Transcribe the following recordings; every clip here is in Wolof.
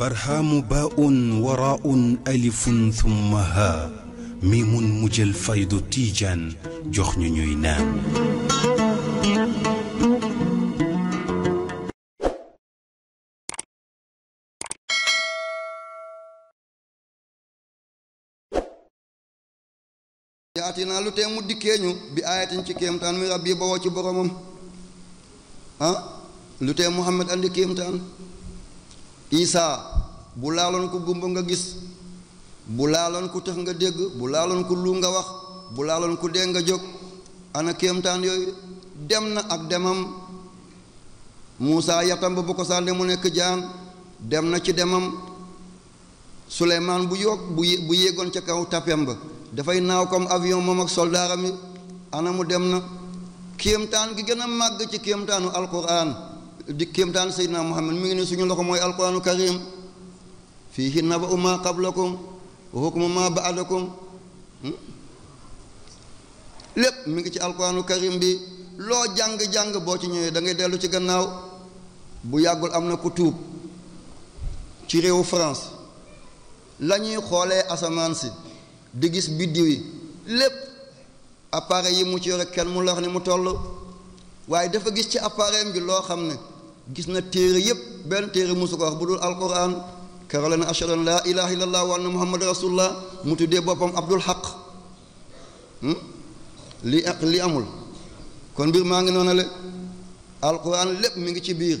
barhaamu baaun waraaun alifun thumma haa miimun mujjal faydu tiijaan jox ñu ñuy naan. yaati naa lu tee mu dikkee ñu bi aayatin ci kéemtaan mi rabbi bawoo ci boromam ah lu tee Muhammad andi kéemtaan. isaa bu laaloon ko gumba nga gis bu laaloon ku tax nga dégg bu laaloon ku lu nga wax bu laaloon ku dee nga jóg ana kéemtaan yooyu dem na ak demam Muusaa yatam bu ko sànne mu nekk jaan dem na ci demam Suleymaan bu yokk bu bu yéegoon ca kaw tapem ba dafay naaw comme avion moom ak soldaaram yi ana mu dem na kéemtaan gi gën a màgg ci kéemtaanu alquran di kéemtaan seydina muhammad mi ngi ni suñu loxo mooy alquraanu karim fiihi naba'u maa qablakum wa hukmu maa ba'dakum hmm? lépp mi ngi ci alquraanu karim bi loo jàng-jàng boo ci ñëwee dangay dellu ci gannaaw bu yàggul am na ku tuub ci réewu France la ñuy xoolee asamaan si di gis biddiw yi lépp appareil yi mu ci yore kenn mu la wax ni mu toll waaye dafa gis ci appareil bi loo xam ne gis na téere yépp benn téere musu ko wax bu dul alquran kara la na ashhadu an laa ilaha illa allah wa anna muhammad rasulullah mu tuddee boppam abdul xaq hmm? li li amul kon mbir maa ngi noonu le alquran lépp mi ngi ci biir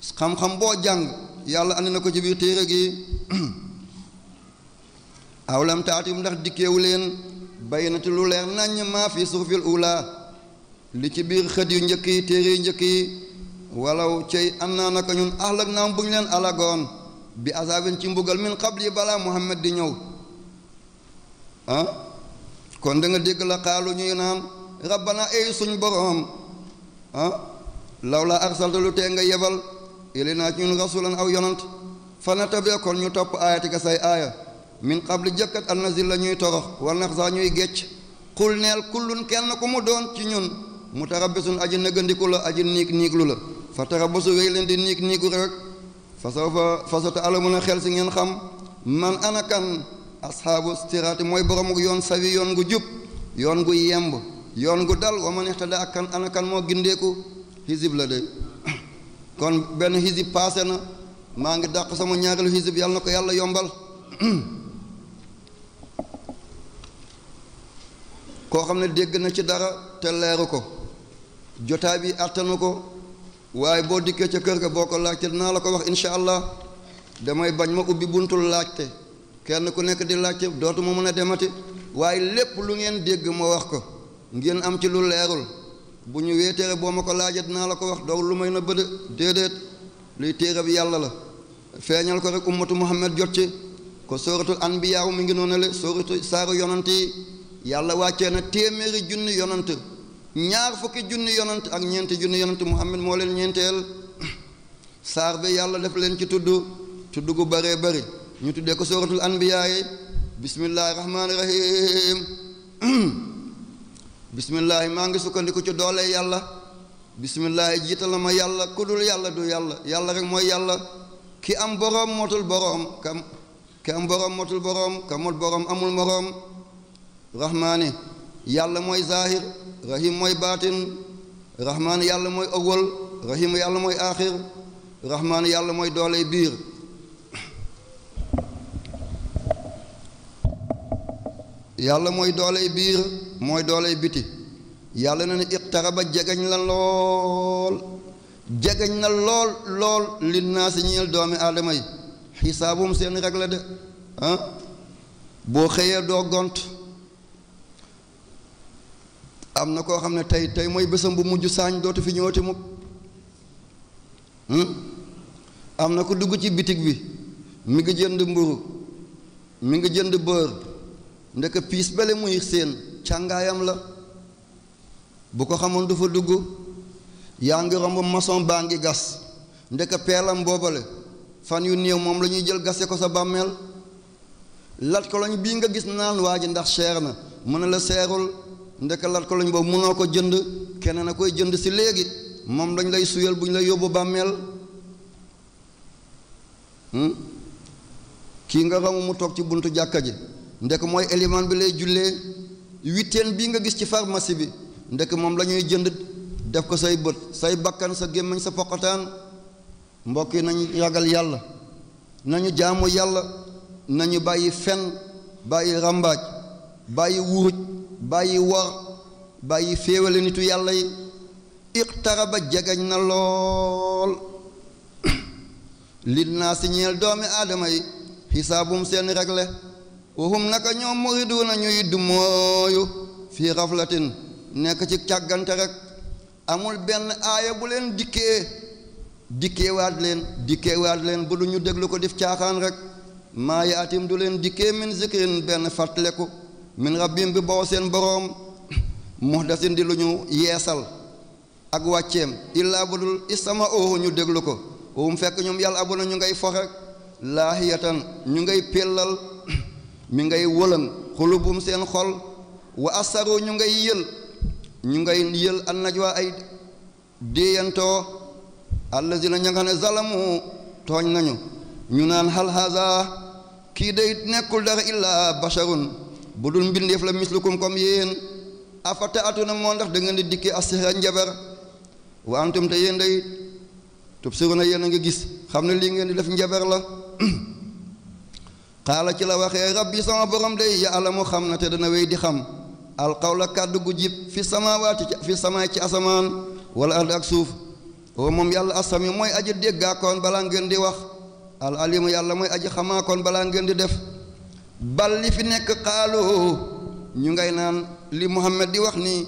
xam-xam boo jàng yàlla andi na ko ci biir téere gi awlam taatim ndax dikkeewu leen bayanati lu leer naññ maa fi suufil ula li ci biir xët yu njëkk yi téere yu njëkk yi walaw cey an naa naka ñun axlag naam bu ñu leen alagoon bi asaabin ci mbugal min yi balaa muhammad di ñëw ah kon da dégg la xaalu ñuy naan rabbana ay suñ boroom ah law la arsalta lu tee nga yebal ili naa ci ñun rasulan aw yonant fana tabee kon ñu topp aayatika say aaya min xabli jëkkat an nazil la ñuy torox wal nax saa ñuy gécc xul neel kullun kenn ku mu doon ci ñun mu tarabbisun aji nëggandiku la aji niig niiglu la fa tarabusu wéy leen di niik niiku rek fa saw fa fa sa xel si ngeen xam man ana kan asxaabu siraati mooy boroomu yoon sawi yoon gu jub yoon gu yemb yoon gu dal wa man ihtada ak kan ana kan moo gindeeku xisib la de kon benn xisib paase na maa ngi dàq sama ñaareelu xisib yàlla na ko yàlla yombal koo xam ne dégg na ci dara te leeru ko jotaay bi àttanu ko waaye boo dikkee ca kër ga boo ko laajte dinaa la ko wax incha allah damay bañ ma ubbi buntul laajte kenn ku nekk di laajte dootuma mën a demati waaye lépp lu ngeen dégg ma wax ko ngeen am ci lu leerul bu ñu wee téere boo ma ko laaja dinaa la ko wax doo lu may na bëd déedéet luy téere bi yàlla la feeñal ko rek ummatu muhammad jot ci ko sóoratul anbiyaaw mi ngi noonu le sóoratu saaru yonant yi yàlla wàccee na téeméeri junni yonant ñaar fukki junni yonant ak ñeenti junni yonant muhammad moo leen ñeenteel saar bi yàlla def leen ci tudd tudd gu bëree bari ñu tuddee ko sooratul anbiyaa yi bismillaahi rahmaani rahiim bismillaahi maa ngi sukkandiku ci doole yàlla bismillaahi jiital na ma yàlla ku dul yàlla du yàlla yàlla rek mooy yàlla ki am boroom motul boroom kam ki am boroom motul boroom kamul boroom amul moroom rahmaani yàlla mooy zaahir rahim mooy baatin rahmaan yàlla mooy awwal rahim yàlla mooy aaxir rahmaan yàlla mooy doole biir yàlla mooy dooley biir mooy dooley biti yàlla na ne iqtaraba jegeñ la lool jegeñ na lool lool li naa si ñeel doomi aadama yi xisaabum seen rek la de ah boo xëyee doo gont am na koo xam tay tey tey mooy bésam bu mujj saañ dootu fi ñëwati mukk hmm? am na ko dugg ci bitig bi mi ngi jënd mburu mi ngi jënd bër ndeke piis bale muy seen càngaayam la bu ko xamoon du fa dugg yaa ngi romb maçon baa gas ndeke peelam boobale fan yu néew moom la jël gase ko sa bàmmeel lat ko lañ bii nga gis naan waa ji ndax seer na la ko lat koloñ mu mënoo ko jënd keneen a koy jënd si léegi moom dañ lay suyal bu ñu lay yóbbu bàmmeel hmm? kii nga xam mu toog ci buntu jàkka ji ndek mooy élément bi lay jullee huitaine bi nga gis ci pharmacie bi ndek moom la jënd def ko say bët say bakkan sa gémmiñ sa poqataan mbokk yi nañu ragal yàlla nañu jaamu yàlla nañu bàyyi fen bàyyi ràmbaaj bàyyi wuruj bàyyi wor bàyyi féewale nitu yàlla yi iqtaraba jagañ na lool lin naa si ñeel doomi aadama yi xisaabum seen regle waxum naka ñoom muriduuna ñuy dumooyu fii raflatin nekk ci càggante rek amul benn aaya bu leen dikkee dikkeewaat leen dikkeewaat leen bu du ñu déglu ko def caaxaan rek maa yaatim du leen dikkee min zikrin benn ko min rabbim bi boo seen boroom muhdasin di lu ñu yeesal ak wàcceem illaa bu dul istama oohu ñu déglu ko wum fekk ñoom yàlla abuna ñu ngay fox rek laahiyatan ñu ngay pellal mi ngay wëlëng xulubum seen xol wa asaru ñu ngay yël ñu ngay yël an najwa ay déeyantoo allazina ña nga xam ne zalamu tooñ nañu ñu naan hal kii day nekkul dara illaa basharun Budul bin mbindeef la mislukum comme yéen afata atuna moo ndax da ngeen di njabar wa antum te yéen day tubsiruna yéen a nga gis ngeen di def njabar la xaala ci la waxee rabbi sama borom day ya alamu xam te dana wéy di xam alqawla kàddu gu jib fi samawaati fi samaay ci asamaan wala ard ak suuf o moom yàlla asami mooy aji kon balaa ngeen di wax al alim yàlla mooy aji xamaakoon balaa ngeen di def bal li fi nekk xaalu ñu ngay naan li Muhammad di wax ni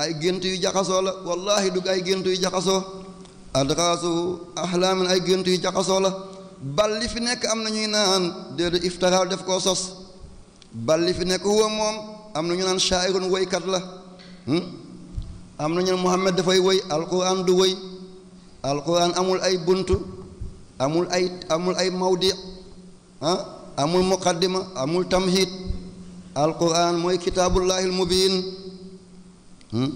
ay gént yu jaxasoo la wallahi dug ay gént yu jaxasoo adraasu ahlaamin ay gént yu jaxasoo la bal li fi nekk am na ñuy naan déedéet iftaraaw def koo sos bal li fi nekk huwa moom am na ñu naan shaa'irun woykat la hmm? am na ñu ne Muhammad dafay woy alquran du woy alquran amul ay bunt amul ay amul ay mawdi ah amul muqaddima amul tamhid alquran mooy kitaabullaahil mubiin hmm?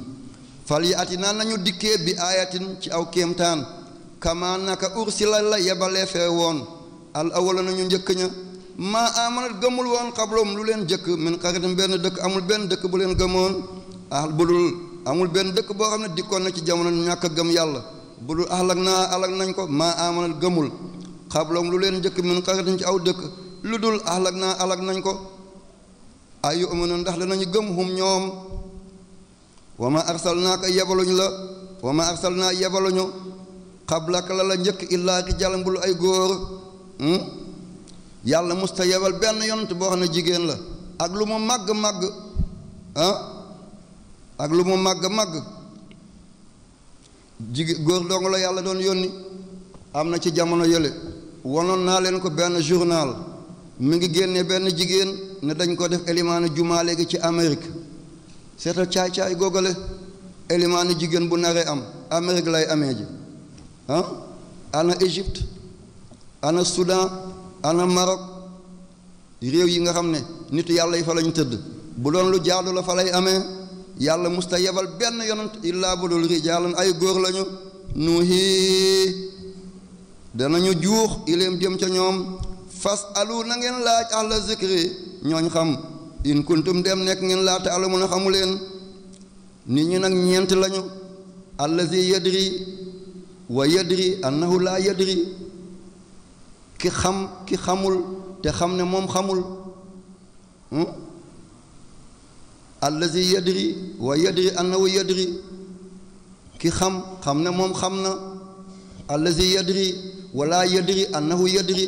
fal yi ati naan nañu dikkee bi aayatin ci aw kéemtaan kamaa naka ursila la yebalee fee woon al awala nañu njëkk ña maa amanat gëmul woon xablom lu leen jëkk min xaritam benn dëkk amul benn dëkk bu leen gëmoon ah budul amul benn dëkk boo xam ne dikkoon na ci jamono ñàkk gëm yàlla budul ahlak naa alak nañ ko maa amanat gëmul xablom lu leen jëkk min xaritam ci aw dëkk lu dul alag naa alag nañ ko ay yu aminoon ndax nañu gëm hum ñoom wa ma arsalnaaka yebaluñu la wa ma arsalnaa yebaluñu xablaka la la njëkk illaa rijaalan bul ay góor hmm? yàlla musta yebal benn yonent boo xam ne jigéen la ak lu mu màgg màgg ak lu mu màgg màgg jigéen góor dong la yàlla doon yónni am na ci jamono yële wanoon naa leen ko benn journal mi ngi génne benn jigéen ne dañ ko def elimaanu jumaa léegi ci amérique seetal caay-caay googale elimaanu jigéen bu naree am amérique lay amee ji ah ana égypte ana soudan ana maroc réew yi nga xam nitu nit yàlla yi fa lañ tëdd bu doon lu jaadu la fa lay amee yàlla musta yebal benn yonant illaa bu ay góor lañu nuuhi danañu juux jëm ca ñoom fas alu na ngeen laaj ahla zikri ñooñ xam in kuntum dem nekk ngeen laata ala mun a xamu leen nit ñi nag ñeent lañu allazi yadri wa yadri annahu laa yadri ki xam ki xamul te xam ne moom xamul hmm? allazi yadri wa yadri annahu yadri ki xam xam moom xam na allazi yadri wa laa yadri annahu yadri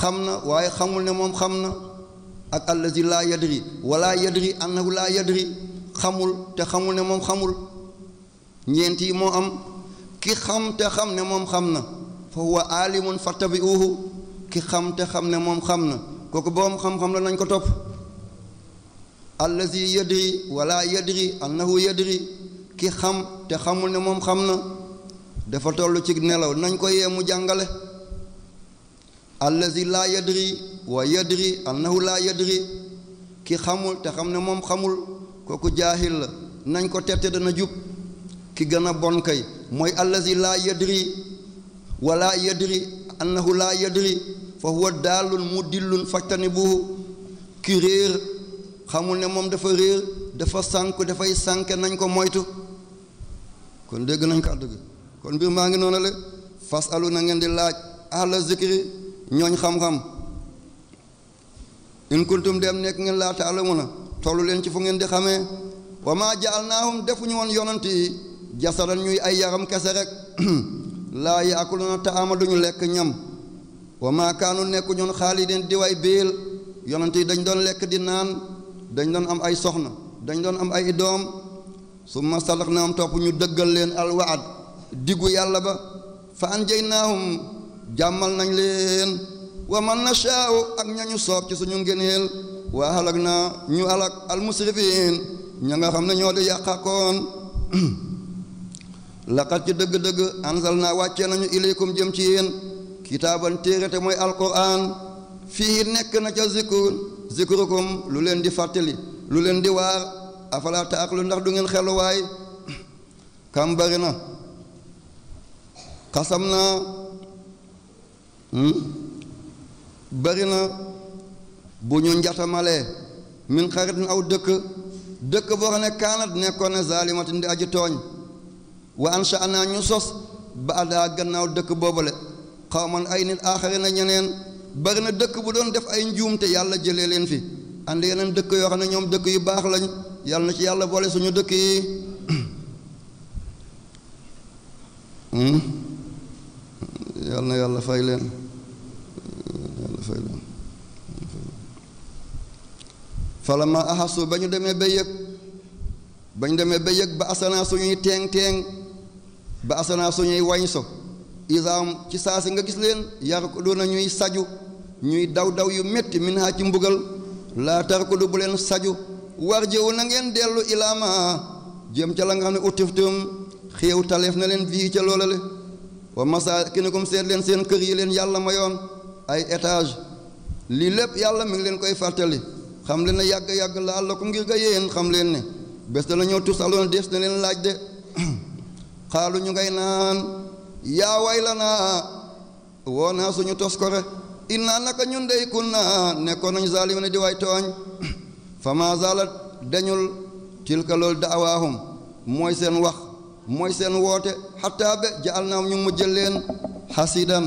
xam na waaye xamul ne moom xam na ak allazi laa yadri wala yadri annahu laa yadri xamul te xamul ne moom xamul ñeent yi moo am ki xam te xam ne moom xam na fa huwa aalimun fattabi'uhu ki xam te xam ne moom xam na kooku boroom xam-xam la nañ ko topp allazi yadri wala yadri annahu yadri ki xam te xamul ne moom xam na dafa toll ci nelaw nañ ko yee mu jàngale allazi laa yadri wa yadri annahu laa yadri ki xamul te xam ne moom xamul kooku jaaxil la nañ ko tette dana jub ki gën a bon kay mooy allazi laa yadri wa laa yadri annahu laa yadri fa huwa daalun mudillun fajtanibuhu ki réer xamul ne moom dafa réer dafa sànk dafay sànke nañ ko moytu kon dégg nañ kàddu gi kon mbir maa ngi noonu la fas alu na di laaj ahla zikri ñooñ xam-xam in kuntum dem nekk ngeen laa na tollu leen ci fu ngeen di xamee wa maa jaalnaahum defuñu woon yonant yi jasadan ñuy ay yaram kese rek laa yaakuluna taama duñu lekk ñam wa maa kaanu nekku ñoon xaalidin di way biil yonant yi dañ doon lekk di naan dañ doon am ay soxna dañ doon am ay doom summa am topp ñu dëggal leen alwaad diggu yàlla ba fa anjaynaahum jàmmal nañ leen wa na nashaa'u ak ñañu soob ci suñu ngëneel waa halak naa ñu halak almusrifiin ña nga xam ne ñoo di yàqakoon laqat ci dëgg-dëgg ansal naa wàccee nañu ilaykum jëm ci yéen kitaaban téere te mooy alquran fii nekk na ca zikur zikurukum lu leen di fàttali lu leen di waar afala lu ndax du ngeen xeluwaay kam na xasam naa Hmm? bari na bu ñu njatamalee min xaritin aw dëkk dëkk boo xam ne kaanat nekkoon ne zaalimatin di aji tooñ wa ansha naa ñu sos ba adaa gannaaw dëkk boobale xawman ay nit aaxari na ñeneen bari na dëkk bu doon def ay njuumte yàlla jëlee leen fi ànd yeneen dëkk yoo xam ne ñoom dëkk yu baax lañ yàlla na ci yàlla boole suñu dëkk yi hmm? yal na yàlla fay leen yàlla fay leen falama axasu ba ñu demee ba yëg ba ñu demee ba yëg ba asanaa suñuy teeng teeng wañso isaam ci saa si nga gis leen yar ko doona ñuy saju ñuy daw daw yu métti min ci mbugal laa tar ko du bu leen saju war jëw na dellu ilaama jëm ca la nga xam ne utiftum xéew taleef na leen bii ca loolale wa masakinakum seet leen seen kër yi leen yàlla mayoon ay étage lii lépp yàlla mi ngi leen koy fàttali xam leen yàgg-yàgg laal la ko ngir nga yéen xam leen ne bés dana ñëw tusaloon des na leen laaj de xaalu ñu ngay naan yaa way la naa woo naa suñu tos kore innaa naka ñun dey kun naa nekkoon nañu zaalima ne di way tooñ fa zaala dañul tilka daawaahum mooy seen wax mooy seen woote xataa be jaal naa ñu mu jël leen xasidan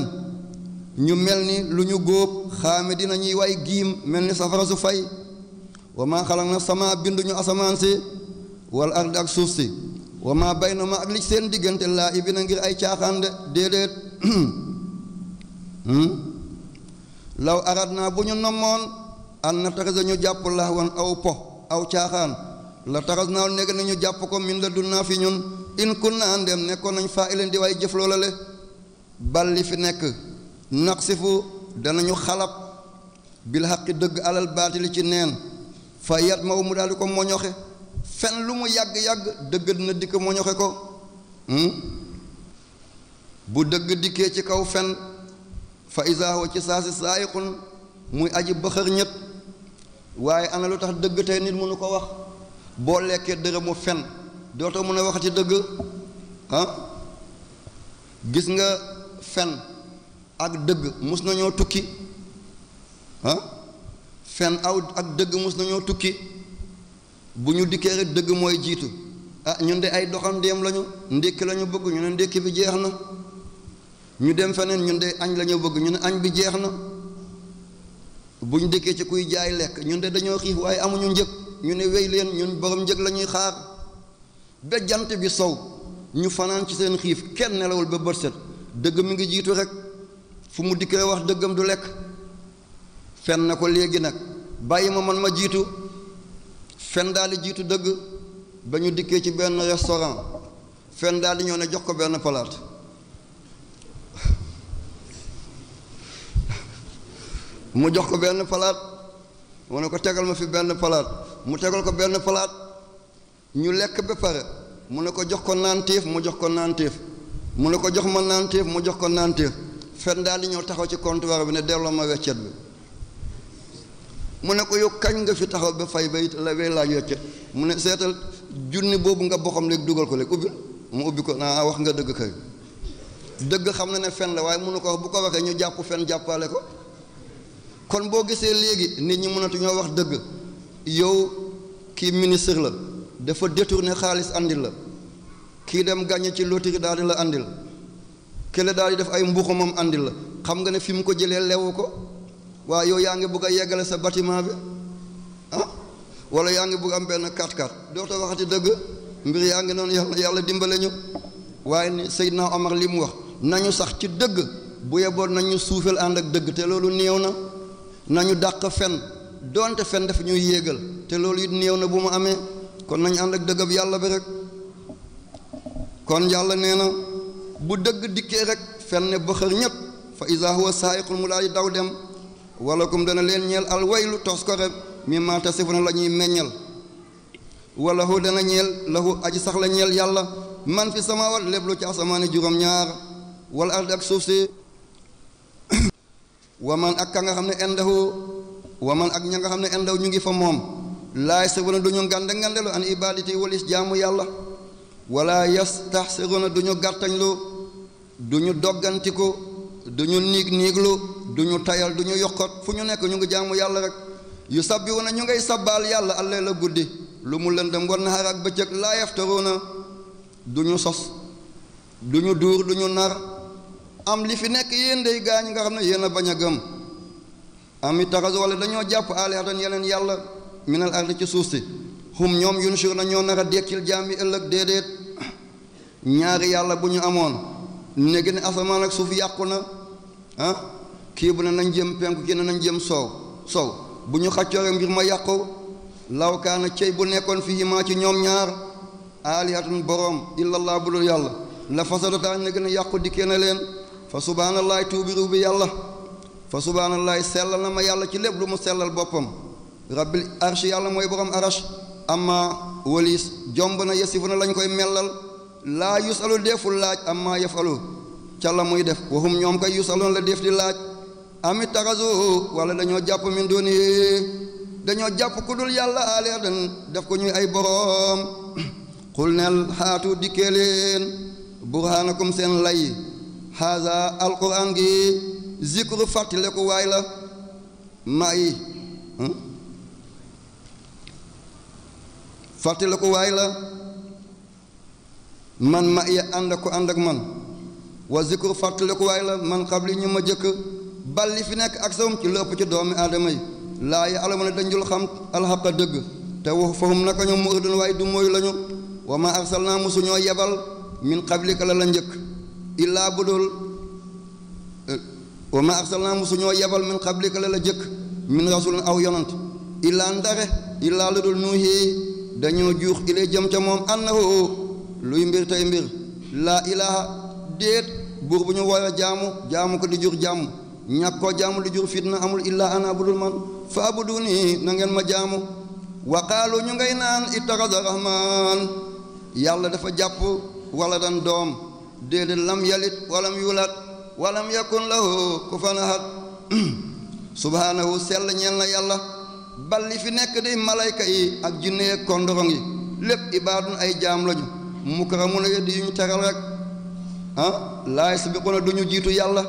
ñu mel ni lu ñu góob xaame dina ñuy way giim mel ni safara su fay wa maa xalaq na sama binduñu asamaan si wala ard ak suuf si wa maa bay na ma ak li seen diggante laa ibina ngir ay caaxaan de déedéet hmm? law arad naa bu ñu nommoon an na taxasa ñu jàpp lax wan aw po aw caaxaan la taxas naa nekk na ñu jàpp ko min fi ñun in kun na andem nekkoon nañu faa ileen di waay jëf loola le fi nekk naqsifu danañu xalab bil xaqi dëgg alal baatili ci neen fa yat maw mu daal di ko moñoxe fen lu mu yàgg-yàgg dëgg dina dikk moñoxe ko hmm? bu dëgg dikkee ci kaw fen fa isa ci saa si saayiqun muy aji bëxër ñët waaye ana lu tax dëgg tey nit mënu ko wax boo lekkee dërëmu fenn dootoo mën a waxati dëgg gis nga fen ak dëgg mus nañoo tukki ah fen aw ak dëgg mus nañoo tukki bu ñu dikkee rek dëgg mooy jiitu ah ñun de ay doxam doxandéem lañu ndékki lañu bëgg ñu ne ndékki bi jeex na ñu dem feneen ñun de añ lañu bëgg ñu ne añ bi jeex na bu ñu dikkee ci kuy jaay lekk ñun de dañoo xiif waaye amuñu njëg ñu ne wéy leen ñun borom njëg lañuy xaar ba jant bi sow ñu fanaan ci seen xiif kenn nelawul ba bët set dëgg mi ngi jiitu rek fu mu dikkee wax dëggam du lekk fen na ko léegi nag bàyyi ma man ma jiitu fenn daal di jiitu dëgg ba ñu dikkee ci benn restaurant fenn daal di ñëw ne jox ko benn palaat mu jox ko benn palaat mu ne ko tegal ma fi benn palaat mu tegal ko benn palaat ñu lekk ba pare mu ne ko jox ko naanteef mu jox ko naanteef mu ne ko jox ma naanteef mu jox ko naanteef fen daal di ñëw taxaw ci comptoir bi ne delloo ma weccet bi mu ne ko yow kañ nga fi taxaw ba fay bay la bay laaj weccet mu ne seetal junni boobu nga boxam léegi dugal ko léegi ubbi mu ko naa ah, wax dëgg kay dëgg xam na ne fen la waaye mënu ko wax bu ko waxee ñu jàpp fen jàppale ko kon boo gisee léegi nit ñi mënatu ñoo wax dëgg yow kii ministre la dafa ne xaalis andil la kii dem gàññe ci loterie daal di la andil kële daal di def ay mbuxumam andil la xam nga ne fi mu ko jëlee lewu ko waaye yow yaa ngi bëgg a yeggale sa batiment bi ah wala yaa ngi bëgg am benn 4x4 dootoo waxati dëgg mbir yaa ngi noonu yàlla yàlla dimbale ñu waaye ni Seydina Omar li mu wax nañu sax ci dëgg bu yeboon nañu suufeel ànd ak dëgg te loolu néew na nañu dàq fen doonte fen daf ñuy yéegal te loolu it néew na kon nañ ànd ak dëggab yàlla bi rek kon yàlla nee na bu dëgg dikkee rek fenn ba xër ñépp fa iza huwa saayiqul mu daal daw dem walla walakum dana leen ñeel al waylu tos ko rek mimma tasifuna la ñuy meññal walahu dana ñeel lahu aji sax la ñeel yàlla man fi samawat lépp lu ci asamaani juróom-ñaar wala ardi ak suuf si waman ak ka nga xam ne indahu waman ak ña nga xam ne indahu ñu ngi fa moom la yastawuna duñu gandangal lu an ibadati walis jaamu yàlla wala yastahsiruna duñu gàttañ lu duñu doggantiku duñu niig niiglu duñu tayal duñu yokkot fu ñu nekk ñu ngi jaamu yàlla ya rek yu sabbiwuna ñu ngay sabbaal yàlla allah la guddi lu mu lëndëm wan naxar ak bëccëg la yaftaruna duñu sos duñu duur duñu nar am li fi nekk yéen day gaañ nga xam ne yéen a bañ a gëm am i wala dañoo jàpp alihatan minal ardi ci suuf si hum ñoom yunsiruna ñoo nar a dekkil jaam yi ëllëg déedéet ñaari yàlla bu ñu amoon ne gën asamaan ak suuf yàqu na ah kii bu ne nañ jëm penku kii ne nañ jëm soow soow bu ñu xàccoore ngir ma yàqu lawkaana cey bu nekkoon fii maa ci ñoom ñaar aalihatun boroom illallah bu dul yàlla la fasadata ne gën a yàqu dikkee na leen fa subhaanallaay tuubiru bi yàlla fa subhaanallaay sellal na ma yàlla ci lépp lu mu sellal boppam rabbil arsh yàlla mooy borom arash amma walis jomb na yasifu na lañ koy mellal laa yusalu deful laaj amma yafalu ca la muy def waxum ñoom koy yusaluun la def di laaj amit taxasu wala dañoo jàpp min dañoo jàpp ku dul yàlla aleer dan def ko ñuy ay boroom xul neel xaatu dikkee leen burhaanakum seen lay haza alquran gi zikru fàttaleku waay la ma yi fàttali ko waay la man ma ya ànd ko ànd ak man wa zikru fàttali ko waay la man xabli ñu ma jëkk balli fi nekk ak sawum ci lépp ci doomi aadama yi laa ya alamu ne dañjul xam alxaqa dëgg te wax fahum naka ñoom mu ëddan waaye du mooy lañu wa ma arsal naa mosu ñoo yebal min xablika la la njëkk illaa bu dul wa ma arsal naa mosu ñoo yebal min xablika la la jëkk min rasulin aw yonant illaa ndare illaa lu dul nuuhi dañoo juux ile jëm ca moom annahu luy mbir tey mbir laa ilaha déet buur bu ñu woowe jaamu jaamu ko di jur jàmm ñàkk koo jaamu di jur fitna amul illaa ana man faa bu duni na ngeen ma jaamu waqaalu ñu ngay naan ittaxada rahman yàlla dafa jàpp wala dan doom déedéet lam yalit walam yulat walam yakun lahu kufanahad subhaanahu sell ñeel na yàlla bal li fi nekk day malayka yi ak jinne kondorong yi lépp ibaadun ay jaam lañu mukarramuna yeddi yu ñu teral rek ah laay sabiquna du ñu jiitu yàlla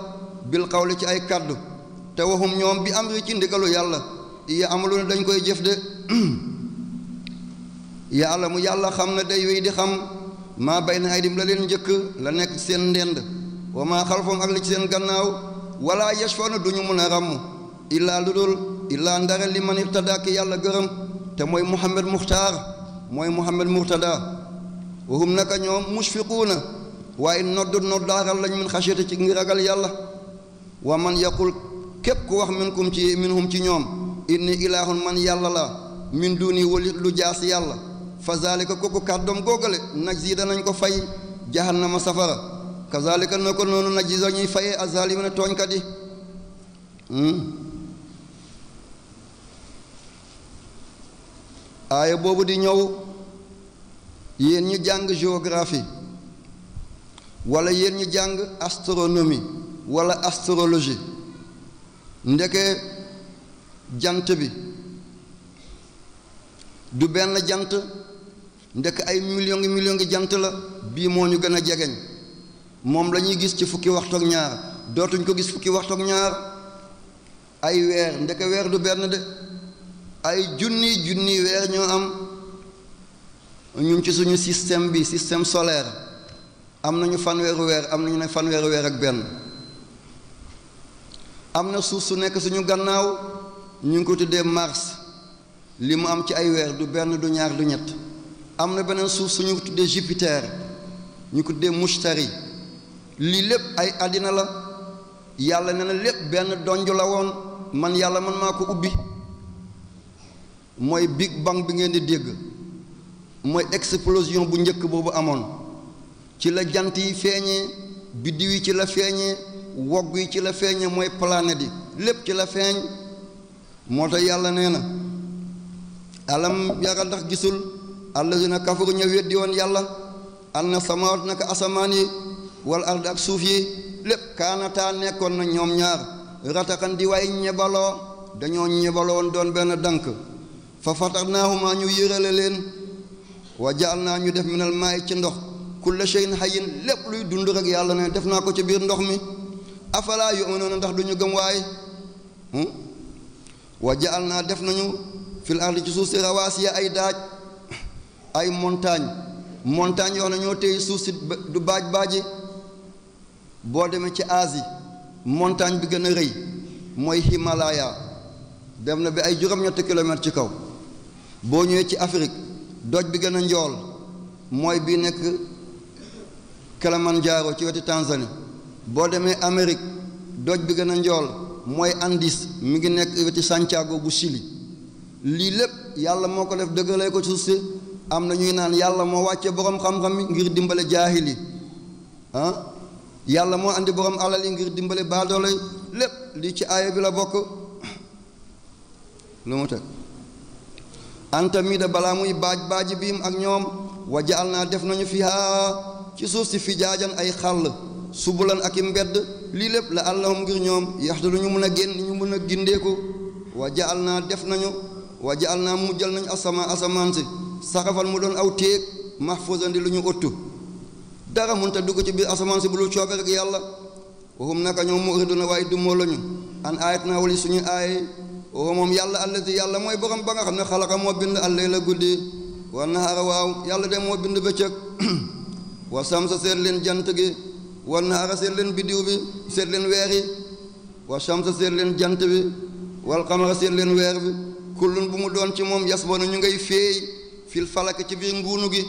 bil xaw xawli ci ay kàddu te waxum ñoom bi am ri ci ndigalu yàlla ya amalu ne dañ koy jëf de yàlla mu yàlla xam ne dey wéy di xam maa bay na ay dim la leen njëkk la nekk ci seen ndend wa maa xalfam ak li ci seen gannaaw wala yashfa'una du ñu mën a ràmm illaa lu dul illaa ndara li man irtada ki yàlla gërëm te mooy Mouhamed Muxtaar mooy Mouhamed Murtada wahum naka ñoom mushfiquuna waaye nodd noddaaral lañ min xasiyata ci ngi ragal yàlla wa man yaqul képp ku wax minkum ci minhum ci ñoom inni ilahun man yàlla la min duuni walit lu jaas yàlla fa zalika kooku kàddoom googale danañ ko fay jahannama safara kazalika na ko noonu nag si dañuy fayee azalimina tooñkat aaya boobu di ñëw yéen ñu jàng géographie wala yen ñu jàng astronomie walla astrologie ndeke jant bi du benn jant ndek ay million ngi million jant la bii moo ñu gën a jegeñ moom lañuy gis ci fukki waxtu ak ñaar dootuñ ko gis fukki waxtu ak ñaar ay weer ndeke weer du benn de ay junni junni wer ñoo am ñun ci suñu système bi système solaire am nañu fanweeru weer am nañu fan fanweeru weer ak benn am na suuf su nekk suñu gannaaw ñu ngi ko tuddee mars li am ci ay weer du benn du ñaar du ñett am na beneen suuf de tuddee jupiter ñu ko tuddee mustari lii lépp ay àddina la yàlla ne na lépp benn la man yàlla man maa ubbi Moy big bang bi ngeen di dégg moy explosion bu njëkk boobu amoon ci la jant yi feeñee biddiw yi ci la feeñee wogg yi ci la feeñee mooy planète yi ci la alam yara ndax gisul allazina kafaru ña weddi woon yàlla an na samawaat naka asamaan yi wala ard ak suuf yi lépp kaanataa nekkoon na ñoom ñaar rataxan di waay ñebaloo dañoo ñebaloon doon dank fa fatarnaahumaa ñu yërale leen waa jaal naa ñu def minal maay ci ndox kulla shay'in hayyin lépp luy dund rek yàlla ne def naa ko ci biir ndox mi afalaa yu'minuuna ndax du ñu gëm waaye hmm? wa jaal naa def nañu fil ardi ci suuf si rawaasiya ay daaj ay montagne montagne yoo xam ne ñoo téye suuf si du baaj baaji boo demee ci Asie montagne bi gën a rëy mooy Himalaya dem na bi ay juróom-ñetti kilomètres ci kaw boo ñëwee ci Afrique doj bi gën a njool mooy bi nekk jaaro ci wetu Tanzanie boo demee amerique doj bi gën a njool mooy Andis mi ngi nekk wetu Santiago bu Chili lii lépp yàlla moo ko def dëggalee ko suuf si am na ñuy naan yàlla moo wàcce borom xam-xam ngir dimbale jaahil yi ah yàlla moo indi borom alal yi ngir dimbale baadoolo yi lépp lii ci aaya bi la bokk lu mu teg anta mii da balaa muy baaj baaji biim ak ñoom wa jaal naa def nañu fi haa ci suuf si fi jaajan ay xàll subulan ak i mbedd lii lépp la allahum ngir ñoom yaxta lu ñu mën a génn ñu mën a gindeeku wa jaal naa def nañu wa jaal naa mujjal nañu asamaan asamaan si saxafal mu doon aw téeg mahfuusan di lu ñu ottu dara mënta dugg ci biir asamaan si bu lu coobee rek yàlla waxum naka ñoom mu riduna waaye dummoo lañu an aayat naa wali suñu aay woo moom yàlla allati yàlla mooy borom ba nga xam ne xalaqa moo bind al-layla guddi wa nahaara waaw yàlla dem moo bind bëccëg wa samsa seet leen jant gi wa nahaara seet leen biddiw bi seet leen weer yi wa samsa seet leen jant bi wal qamara seet leen weer bi kullun bu mu doon ci moom yasbanu ñu ngay féey fil falak ci biir nguunu gi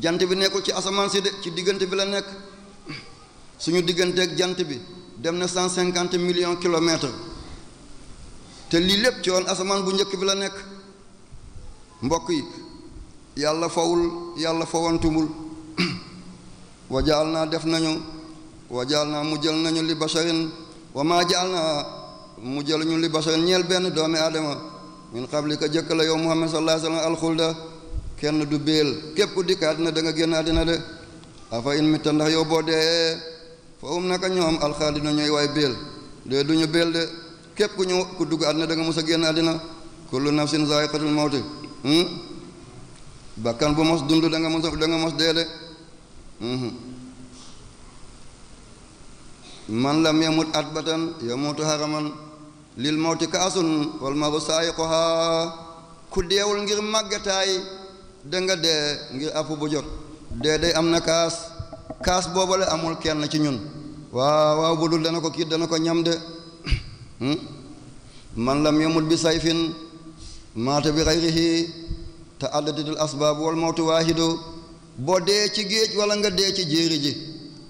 jant bi nekkul ci asamaan si de ci diggante bi la nekk suñu digganteeg jant bi dem na cent cinquante million kilomètres te lii lépp ci woon asamaan bu njëkk bi la nekk mbokk yi yàlla fawul fawantumul def nañu wajalna jaal naa mu jël nañu li basharin wa maa jaal naa ñu li basharin ñeel doomi min xabli ka jëkk la yow muhammad sallallahu Alaihi Wasallam al khulda, kenn du béel képp ku dikk àddina da nga génn àddina de afa in mitta ndax yow boo dee fa um naka ñoom alxaalidina ñooy waay béel dee duñu béel de képp ku ñëw ku dugg àddina da mos a génn àddina kullu nafsin zaiqatul mawti hmm? bakkan bu mos dund danga nga mos da nga la dee de hmm? man lam yamut moo yamutu haraman lil mawti kaasun wal maru saayiquha ku deewul ngir màggataay da nga dee ngir afu bu jot dee day am na kaas kaas boobale amul kenn ci ñun waaw waaw bu dul dana ko kiit dana ko ñam de Hmm? man lam yamut bi sayfin maata bi xayrihi te addatitul asbaab wal mawtu waahidu boo dee ci géej walla nga dee ci jéeri ji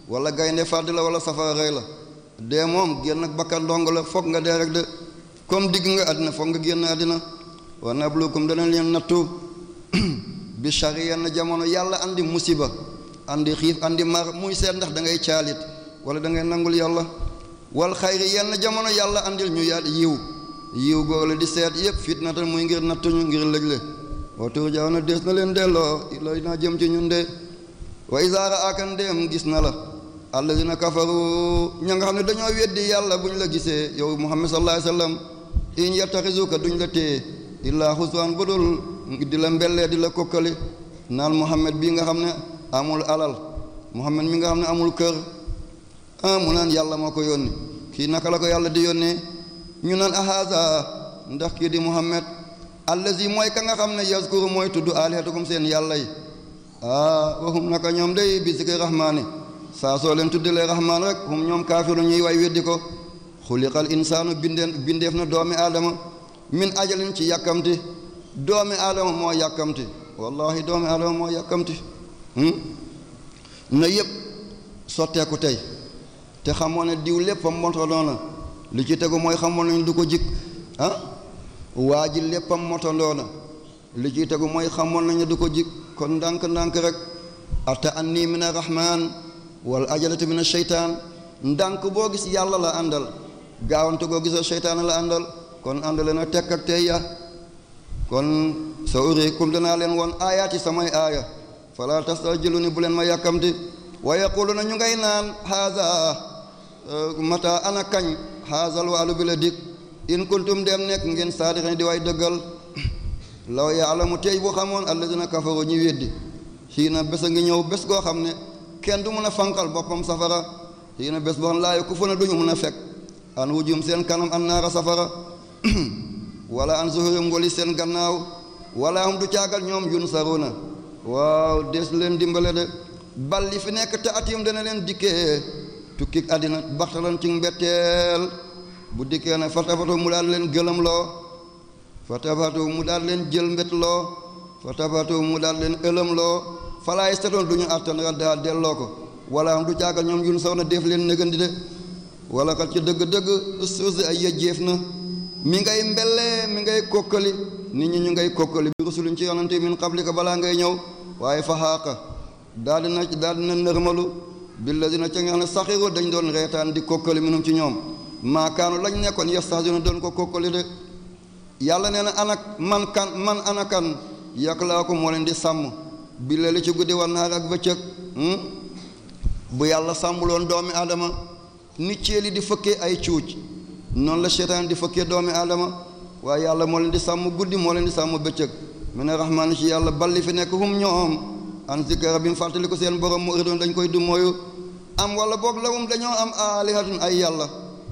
wala gaynde fàdd la wala safara rey la dee moom génn ak bakkan dong la foog nga dee rek de comme digg nga àddina foog nga génn àddina wa nablukum dana leen nattu bi chari yenn jamono yàlla andi musiba andi xiif àndi mar muy seet ndax da ngay caalit wala dangay ngay nangul yàlla wal xayri yenn jamono yàlla andil ñu yàlla yiw yiw googu di seet yëpp fitnatal muy ngir nattuñu ngir lëgle watur jaaw na des na leen delloo lay naa jëm ci ñun de wa isaara akan gis na la alladina kafaru ña nga xam ne dañoo weddi yàlla bu ñu la gisee yow muhammad sallallahu alayhi wasallam in yattaxizuka duñ la téye illaa xuswaan bu dul di la mbellee di la kokkali naan muhammad bi nga xam ne amul alal muhammad mi nga xam ne amul kër ah mu naan yàlla moo ko yónni kii naka la ko yàlla di yónnee ñu naan ahaza ndax kii di muhammad allazi mooy ka nga xam ne yaskuru mooy tudd alihatakum seen yàlla yi ah, waxum naka ñoom day bi zikri rahmaani saa soo leen tuddalee rahmaan rek hum ñoom kaafiru ñuy waay weddi ko xuliqal insaanu bindeef na doomi aadama min ajalin ci yàkkamti doomi aadama moo yàkkamti wallahi doomi aadama moo yàkkamti hmm? na yëpp sotteeku tey te xamoon ne diw léppam motandoo na lu ci tegu mooy xamoon nañ du ko jik ah waa ji léppam motandoo na lu ci tegu mooy xamoon nañ du ko jik kon ndànk-ndànk rek atta anni min arrahman wal ajalatu min seytaan ndànk boo gis yàlla la àndal gaawante goo gisa seytaan la àndal kon àndale na tekk ak tey ya kon sa uriikum danaa leen woon aayaati samay aaya fala tastajiluni bu leen ma yàkkamti wa yaquluna ñu ngay naan haada Euh, mata ana kañ xaasal waalu bi la dikk in kuntum dem nekk ngeen saadiqin di way dëggal law mu tey bu xamoon alladina kafaru ñi weddi xii na bés a ngi ñëw bés goo xam ne kenn du mën a fanqal boppam safara xii bés boo xam laayu ku fu duñu mën a fekk an wujum seen kanam an naara safara wala an zuhurim ngoli seen gannaaw wala am du caagal ñoom yun saruna waaw des leen dimbale de balli fi nekk te atim dana leen dikkee tukki àddina baxtalan ci mbetteel bu dikkee ne fatafato mu daal leen gëlëm loo fatafato mu daal leen jël mbett loo fatafato mu daal leen ëlëm loo falaay setoon du ñu àttan raddaa delloo ko wala am du caagal ñoom yun saw na def leen négandi de wala kat ci dëgg-dëgg suuf si ay yëjjeef na mi ngay mbellee mi ngay kokkali nit ñi ñu ngay kokkali bi rusuluñ ci yonante min ko balaa ngay ñëw waaye faxaaqa daal dina daal dina nërmalu billadina ca nga xam ne saxiru dañ doon reetaan di kokkali minum ci ñoom maakaanu lañ nekkoon yastahzuna doon ko kokkali de yàlla nee anak man kan man anakan yaklaaku moo leen di sàmm billali ci guddi wan naar ak bëccëg bu yàlla sàmmuloon doomi aadama ni ceeli ya di fëkkee ay cuuj non la seytaan di fëkkee doomi aadama waaye yàlla mo leen di sàmm guddi moo leen di sàmm bëccëg mu ne rahmaani ci yàlla ya balli fi nekk hum ñoom an zikara bi mu fàttali ko seen borom mu ëridoon dañ koy du am wala boog lawum dañoo am alihatun ay yàlla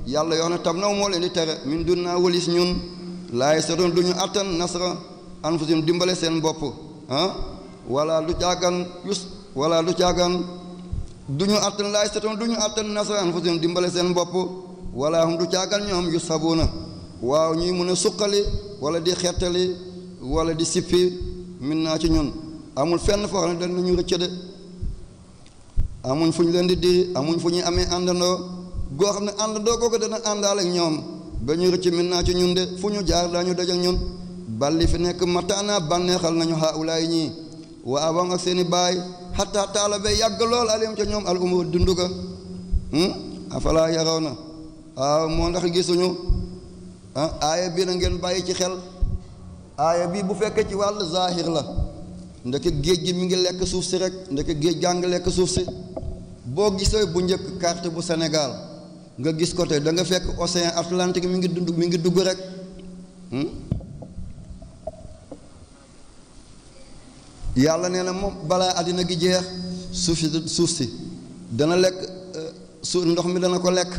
yàlla yoo xam ne na naw moo leen di tere min dun naa walis ñun laay sa doon du ñu attan nasra anfusim dimbale seen bopp ah wala du caagan wala du caagan du ñu attan laay sa doon du ñu attan nasra dimbale seen bopp wala hum du caagan ñoom yu sabuna waaw ñuy mën a suqali wala di xettali wala di sippi min naa ci ñun amul fenn foo xam ne dañ nañu de amuñ fu ñu leen di di amuñ fu ñuy amee àndandoo goo xam ne àndandoo kooku dana àndaal ak ñoom ba ñu rëcc min naa ci ñun de fu ñu jaar daañu daj ak ñun balli fi nekk mataana bànneexal nañu xaawulaay ñii waa abam ak seeni baay xataa taala ba yàgg lool alim ca ñoom al umur dundu ga hmm? afalaa yaraw na waaw moo ndax gisuñu ah, aaya bi na ngeen bàyyi ci xel aaya bi bu fekkee ci wàll zaahir la ndeke géej gi mi ngi lekk suuf si rek ndeke géej gaa ngi lekk suuf si boo gisee bu njëkk carte bu senegal nga gis ko tey da nga fekk océan Atlantique mi ngi dund mi ngi dugg rek hmm? yàlla nee na moom balaa àddina gi jeex suuf si suuf si dana lekk euh, su ndox mi dana ko lekk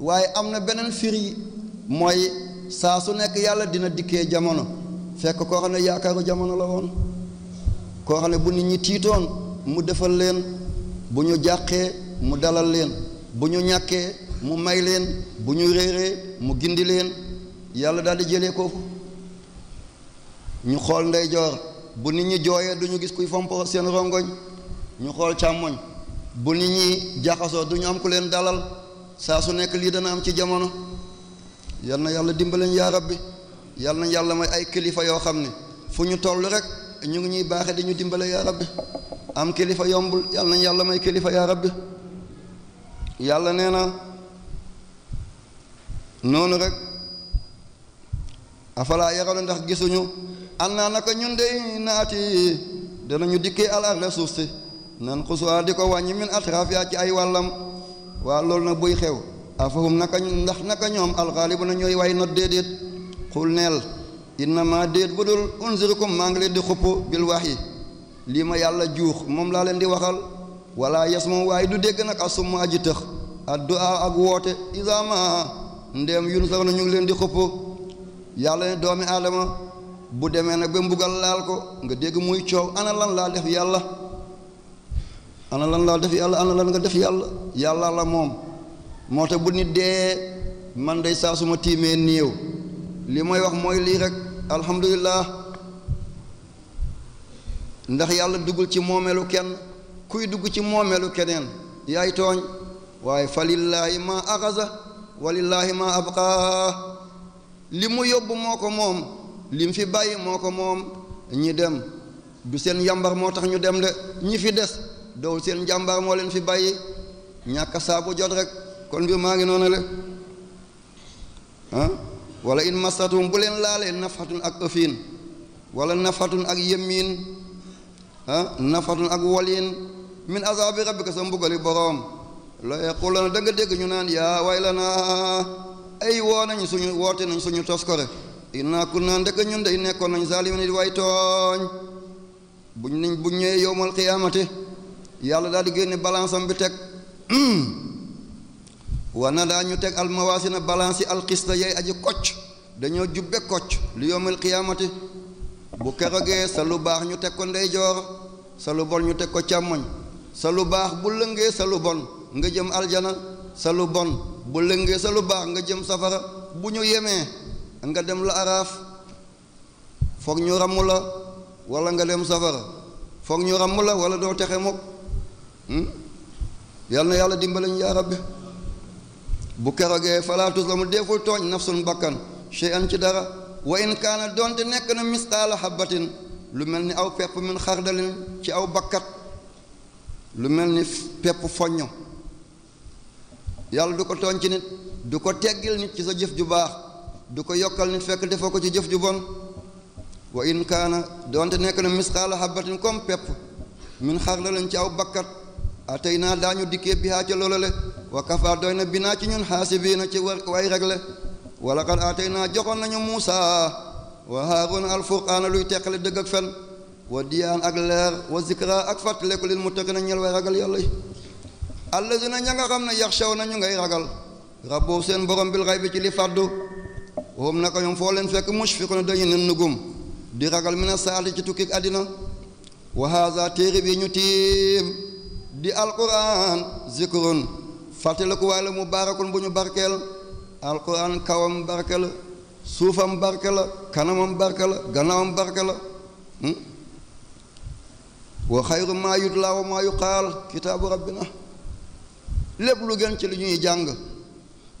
waaye am na beneen firi mooy saa su nekk yàlla dina dikkee jamono fekk koo xam ne yaakaaru jamono la woon koo xam ne bu nit ñi tiitoon mu defal leen bu ñu jàqee mu dalal leen bu ñu ñàkkee mu may leen bu ñu réeree mu gindi leen yàlla daal di jëlee kooku ñu xool ndeyjoor bu nit ñi jooyee du ñu gis kuy fomp seen rongoñ ñu xool càmmoñ bu nit ñi jaxasoo du ñu am ku leen dalal saa su nekk lii dana am ci jamono yal na yàlla dimbaleen yaa rabbi yal na yàlla may ay kilifa yoo xam ne fu ñu toll rek ñu ngi ñuy baaxe di ñu dimbale yaa rabbi am kilifa yombul yàlla nañ yàlla may kilifa yaa rabbi yàlla nee na noonu rek afalaa yaralu ndax gisuñu an naa naka ñun dey naati danañu dikkee alarde suuf si nan xusuwaa di ko wàññi min atraaf yaa ci ay wàllam waa lool na buy xew afahum naka ndax naka ñoom alxaalibu na ñooy way not déedéet xul neel innama déet bu dul unzirukum maa ngi leen di xupp bil wahyi lii ma yàlla juux moom laa leen di waxal wala yes moom waaye du dégg nag asummu aji tëx addu'a ak woote isama ndéem yun sax na ñu ngi leen di xupp yàlla ne doomi aadama bu demee nag ba mbugal laal ko nga dégg muy coow ana lan laa def yàlla ana lan laa def yàlla ana lan nga def yàlla yàlla la moom moo tax bu nit dee man day saa suma tiimee néew li may wax mooy lii rek alhamdulilah ndax yàlla duggul ci moomeelu kenn kuy dugg ci moomeelu keneen yaay tooñ waaye fa lillaahi ma axasa wa lillaahi ma abqaa li mu yóbbu moo ko moom li mu fi bàyyi moo ko moom ñi dem du seen njàmbar moo tax ñu dem de ñi fi des dowul seen njàmbar moo leen fi bàyyi ñàkk saabu jot rek kon mbir maa ngi noonu la wala in masatum bu leen laalee nafatun ak ëfin wala nafatun ak yëmmiin ah ak waliin min azabi rabbika sa mbugali boroom la yaqulana da nga dégg ñu naan yaa way la naa ay woo nañ suñu wootee nañ suñu toskore inna kunna ndëkk ñun day nekkoon nañ zalimin di way tooñ buñ niñ buñ ñëwee yowmal qiyaamati yàlla daal di génne balance am bi teg wana daa ñu teg almawasina balance alxista yay aji kocc dañoo jubbe koch li yowmal qiyaamati bu kerogee sa lu nyutek ñu teg ko ndeyjoor sa lu bon ñu teg ko càmmoñ sa lu baax bu lëngee sa lu bon nga jëm aljana sa lu bon bu lëngee sa lu baax nga jëm safara bu ñu nga dem la araf foog ñu ramu wala nga dem safara foog ñu ramu wala hmm? na yàlla dimbalañ rabbi bu kerogee falaa tuslamu deeful tooñ nafsun bakkan chey an ci dara wa in kaana donte nekk na misqaala xabatin lu mel ni aw pepp min xardalin ci aw bakkat lu mel ni pepp foñño yàlla du ko tooñ ci nit du ko teggil nit ci sa jëf ju baax du ko yokkal nit fekk defoo ko ci jëf ju bon wa in kaana donte nekk na misqaala xabatin comme pepp min xardalin ci aw bakkat atey naa daañu dikkee bihaa ca loola le wa kafa doy na binaa ci ñun xaasibiina ci war way rek le wala xad atey naa joxoon nañu Muusa wa Haaruna alfurqaana luy teqale dëgg ak fen wa diyaan ak leer wa zikra ak fàttaleku lil muttaqiina ñel way ragal yàlla yi allazina ña nga xam ne yaxshaw na ñu ngay ragal rabbu seen borom bil xaybi ci li fàddu hum naka ñoom foo leen fekk mushfiquna dañu ne nugum di ragal mina saati ci tukki àddina wa haza téere bi ñu di alquran zikrun fàttaliku waay la mu baarakun bu ñu barkeel alquran kawam barke la suufam barke la kanamam barke la gannaawam barke la hmm? wa xayru maa yutlaa wa maa yuqaal kitaabu rabbina lépp lu gën ci li ñuy jàng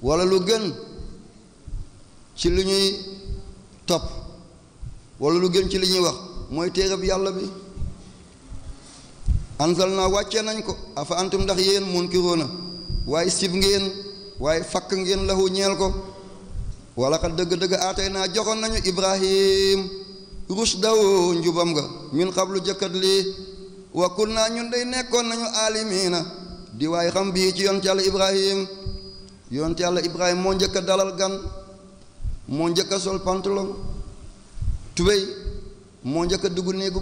walla lu gën ci li ñuy topp walla lu gën ci li ñuy wax mooy téereb yàlla bi anzalna wàcce nañ ko afa antum ndax yéen munkiruuna waaye sib ngeen waaye fakk ngeen lahu ñeel ko wala xat dëgg-dëgg aatay naa nañu ibrahim rushdaw njubam nga min qablu jëkkat lii wa kunnaa ñun day nekkoon nañu aalimiina di waay xam bii ci yon yàlla ibrahim yon yàlla ibrahim moo njëkk dalal gan moo sol pantalon tubéy moo njëkk a dugg néegu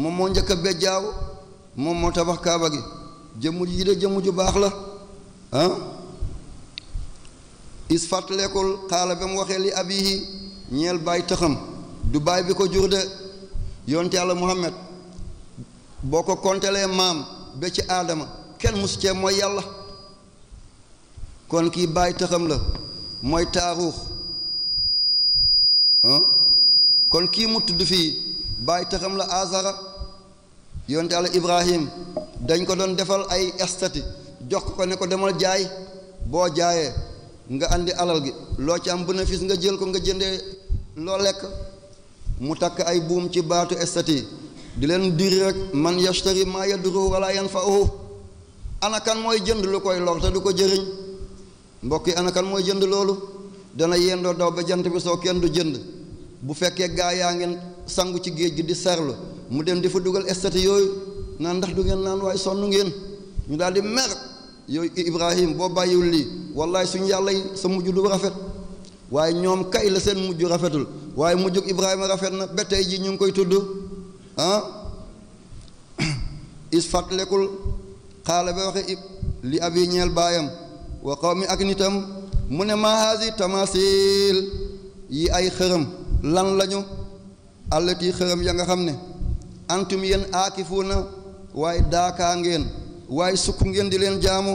moom moo njëkk a bejjaaw moom moo tabax kaaba gi jëmm ji de jëmm ju baax la ah is fàttalekul mu waxee li abihi ñeel baay taxam du baay bi ko jur de yonte yàlla muhammad boo ko kontelee maam ba ci aadama kenn musu cee mooy yàlla kon kii baay taxam la mooy taaruux ah. kon kii mu tudd fii baay taxam la azara yonte yàlla ibrahim dañ ko don defal ay estati jox ko ne ko demal jaay boo jaayee nga andi alal gi loo ci am bénéfice nga jël ko nga jëndee loo lekk mu takk ay buum ci baatu estati di leen diri rek man yashtari maa yadruhu wala yanfa'uhu ana kan mooy jënd lu koy lor te du ko jëriñ mbokk yi ana kan mooy jënd dana yendo daw ba jant bi soo kenn du jënd bu fekkee gaa ngeen sangu ci gi di serlu mu dem di fa dugal statut yooyu naan ndax du ngeen naan waaye sonn ngeen ñu daal di mer yooyu Ibrahim boo bàyyiwul lii wallaay suñu yàlla sa mujj du rafet waaye ñoom kay la seen mujj rafetul waaye mujjug Ibrahima rafet na ba tey ji ñu ngi koy tudd ah is fàttalekul xaala ba ib li abi ñeel baayam wa mi ak nitam mu ne maa haasi yi ay xërëm lan lañu àllati xërëm ya nga xam ne antum yéen na waaye daakaa ngeen waaye sukk ngeen di leen jaamu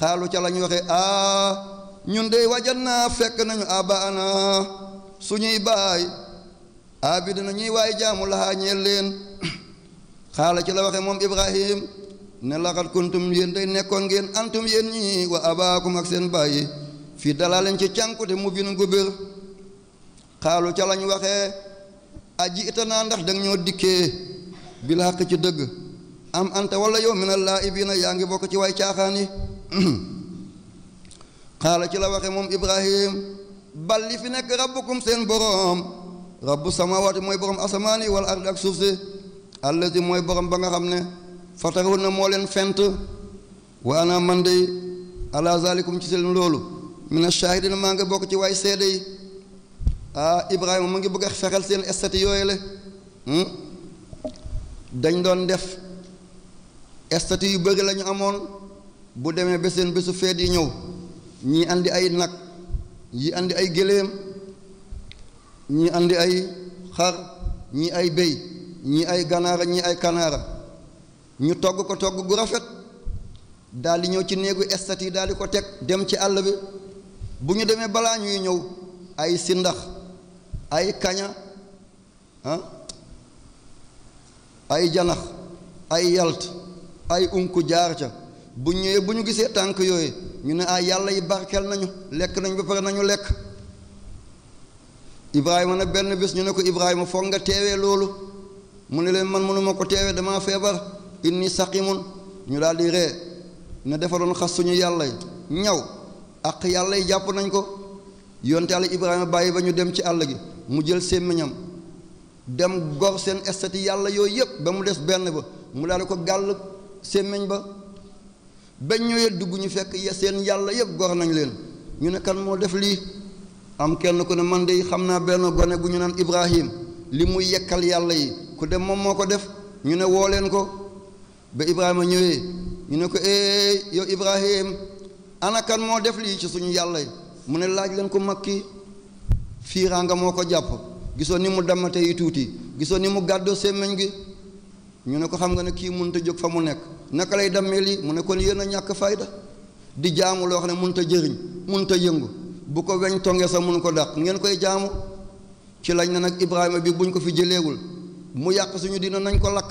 xaalu ca la ñu waxe aa ñun dey wajat naa fekk nañu abaana suñuy baay abid na ñuy waaye jaamu laxaa ñeel leen xaala ci la waxe moom ibrahim ne laxat kuntum yéen day nekkoon ngeen antum yéen ñi wa abaakum ak seen baay yi fii dalaa leen ci cànkute mu binu gubér xaalu ca lañ waxee aji itanaa ndax danga ñoo dikkee bil xaq ci dëgg am anta wala yow mina laa na yaa ngi bokk ci waay caaxaan yi xaala ci la waxe moom ibrahim bal li fi nekk rabbukum seen boroom rabbu samawaati mooy borom asamaan yi wala ard ak suuf si allazi mooy borom ba nga xam ne fataru na moo leen fent wa ana man dey ala zalikum ci seen loolu mina shahidina maa ngi bokk ci waay seede yi ah Ibrahima mu ngi bëgg a fexeel seen estati yooyu la hmm? dañ doon def estati yu bëri lañu amoon bu demee ba seen bésu feet yi ñëw ñii andi ay nag ñii andi ay gëléem ñii indi ay xar ñii ay béy ñii ay ganaara ñii ay kanaara ñu togg ko togg gu rafet daal di ñëw ci néegu estati daal di ko teg dem ci àll bi bu ñu demee balaa ñuy ñëw ay sindax ay kaña ah ay janax ay yalt ay unku jaar ca bu ñëwee bu ñu gisee tànk yooyu ñu ne ay ah, yàlla yi barkeel nañu lekk nañu ba pare nañu lekk Ibrahima nag benn bés ñu ne ko Ibrahima foog nga teewee loolu mu ne leen man mënuma ko teewee damaa feebar inni saqimun ñu daal ree ne defaroon xas suñu yàlla yi ñaw ak yàlla yi jàpp nañ ko yonte àll Ibrahima bàyyi ba ñu dem ci àll gi. mu jël sémmiñam dem gor seen estati yàlla yooyu yëpp ba mu des benn ba mu daal di ko gàll sémmiñ ba ba ñëwee dugg ñu fekk seen yàlla yëpp gor nañu leen ñu ne kan moo def lii am kenn ku ne man de xam naa benn gone gu ñu naan Ibrahim li muy yekkal yàlla yi ku dem moom moo ko def ñu ne woo leen ko ba Ibrahima ñëwee ñu ne ko eh yow Ibrahim ana moo def lii ci suñu yàlla yi mu ne laaj leen ko makki fiiraanga moo ko jàpp gisoo ni mu dammate yi tuuti gisoo ni mu gàddoo sémmiñ gi ñu ne ko xam nga ne kii mënut a jóg fa mu nekk naka lay dammee li mu ne kon yéen a ñàkk fayda di jaamu loo xam ne mënut a jëriñ mënut a yëngu bu ko weñ tongee sax mënu ko dàq ngeen koy jaamu ci lañ ne nag Ibrahima bi buñ ko fi jëleegul mu yàq suñu dina nañ ko lakk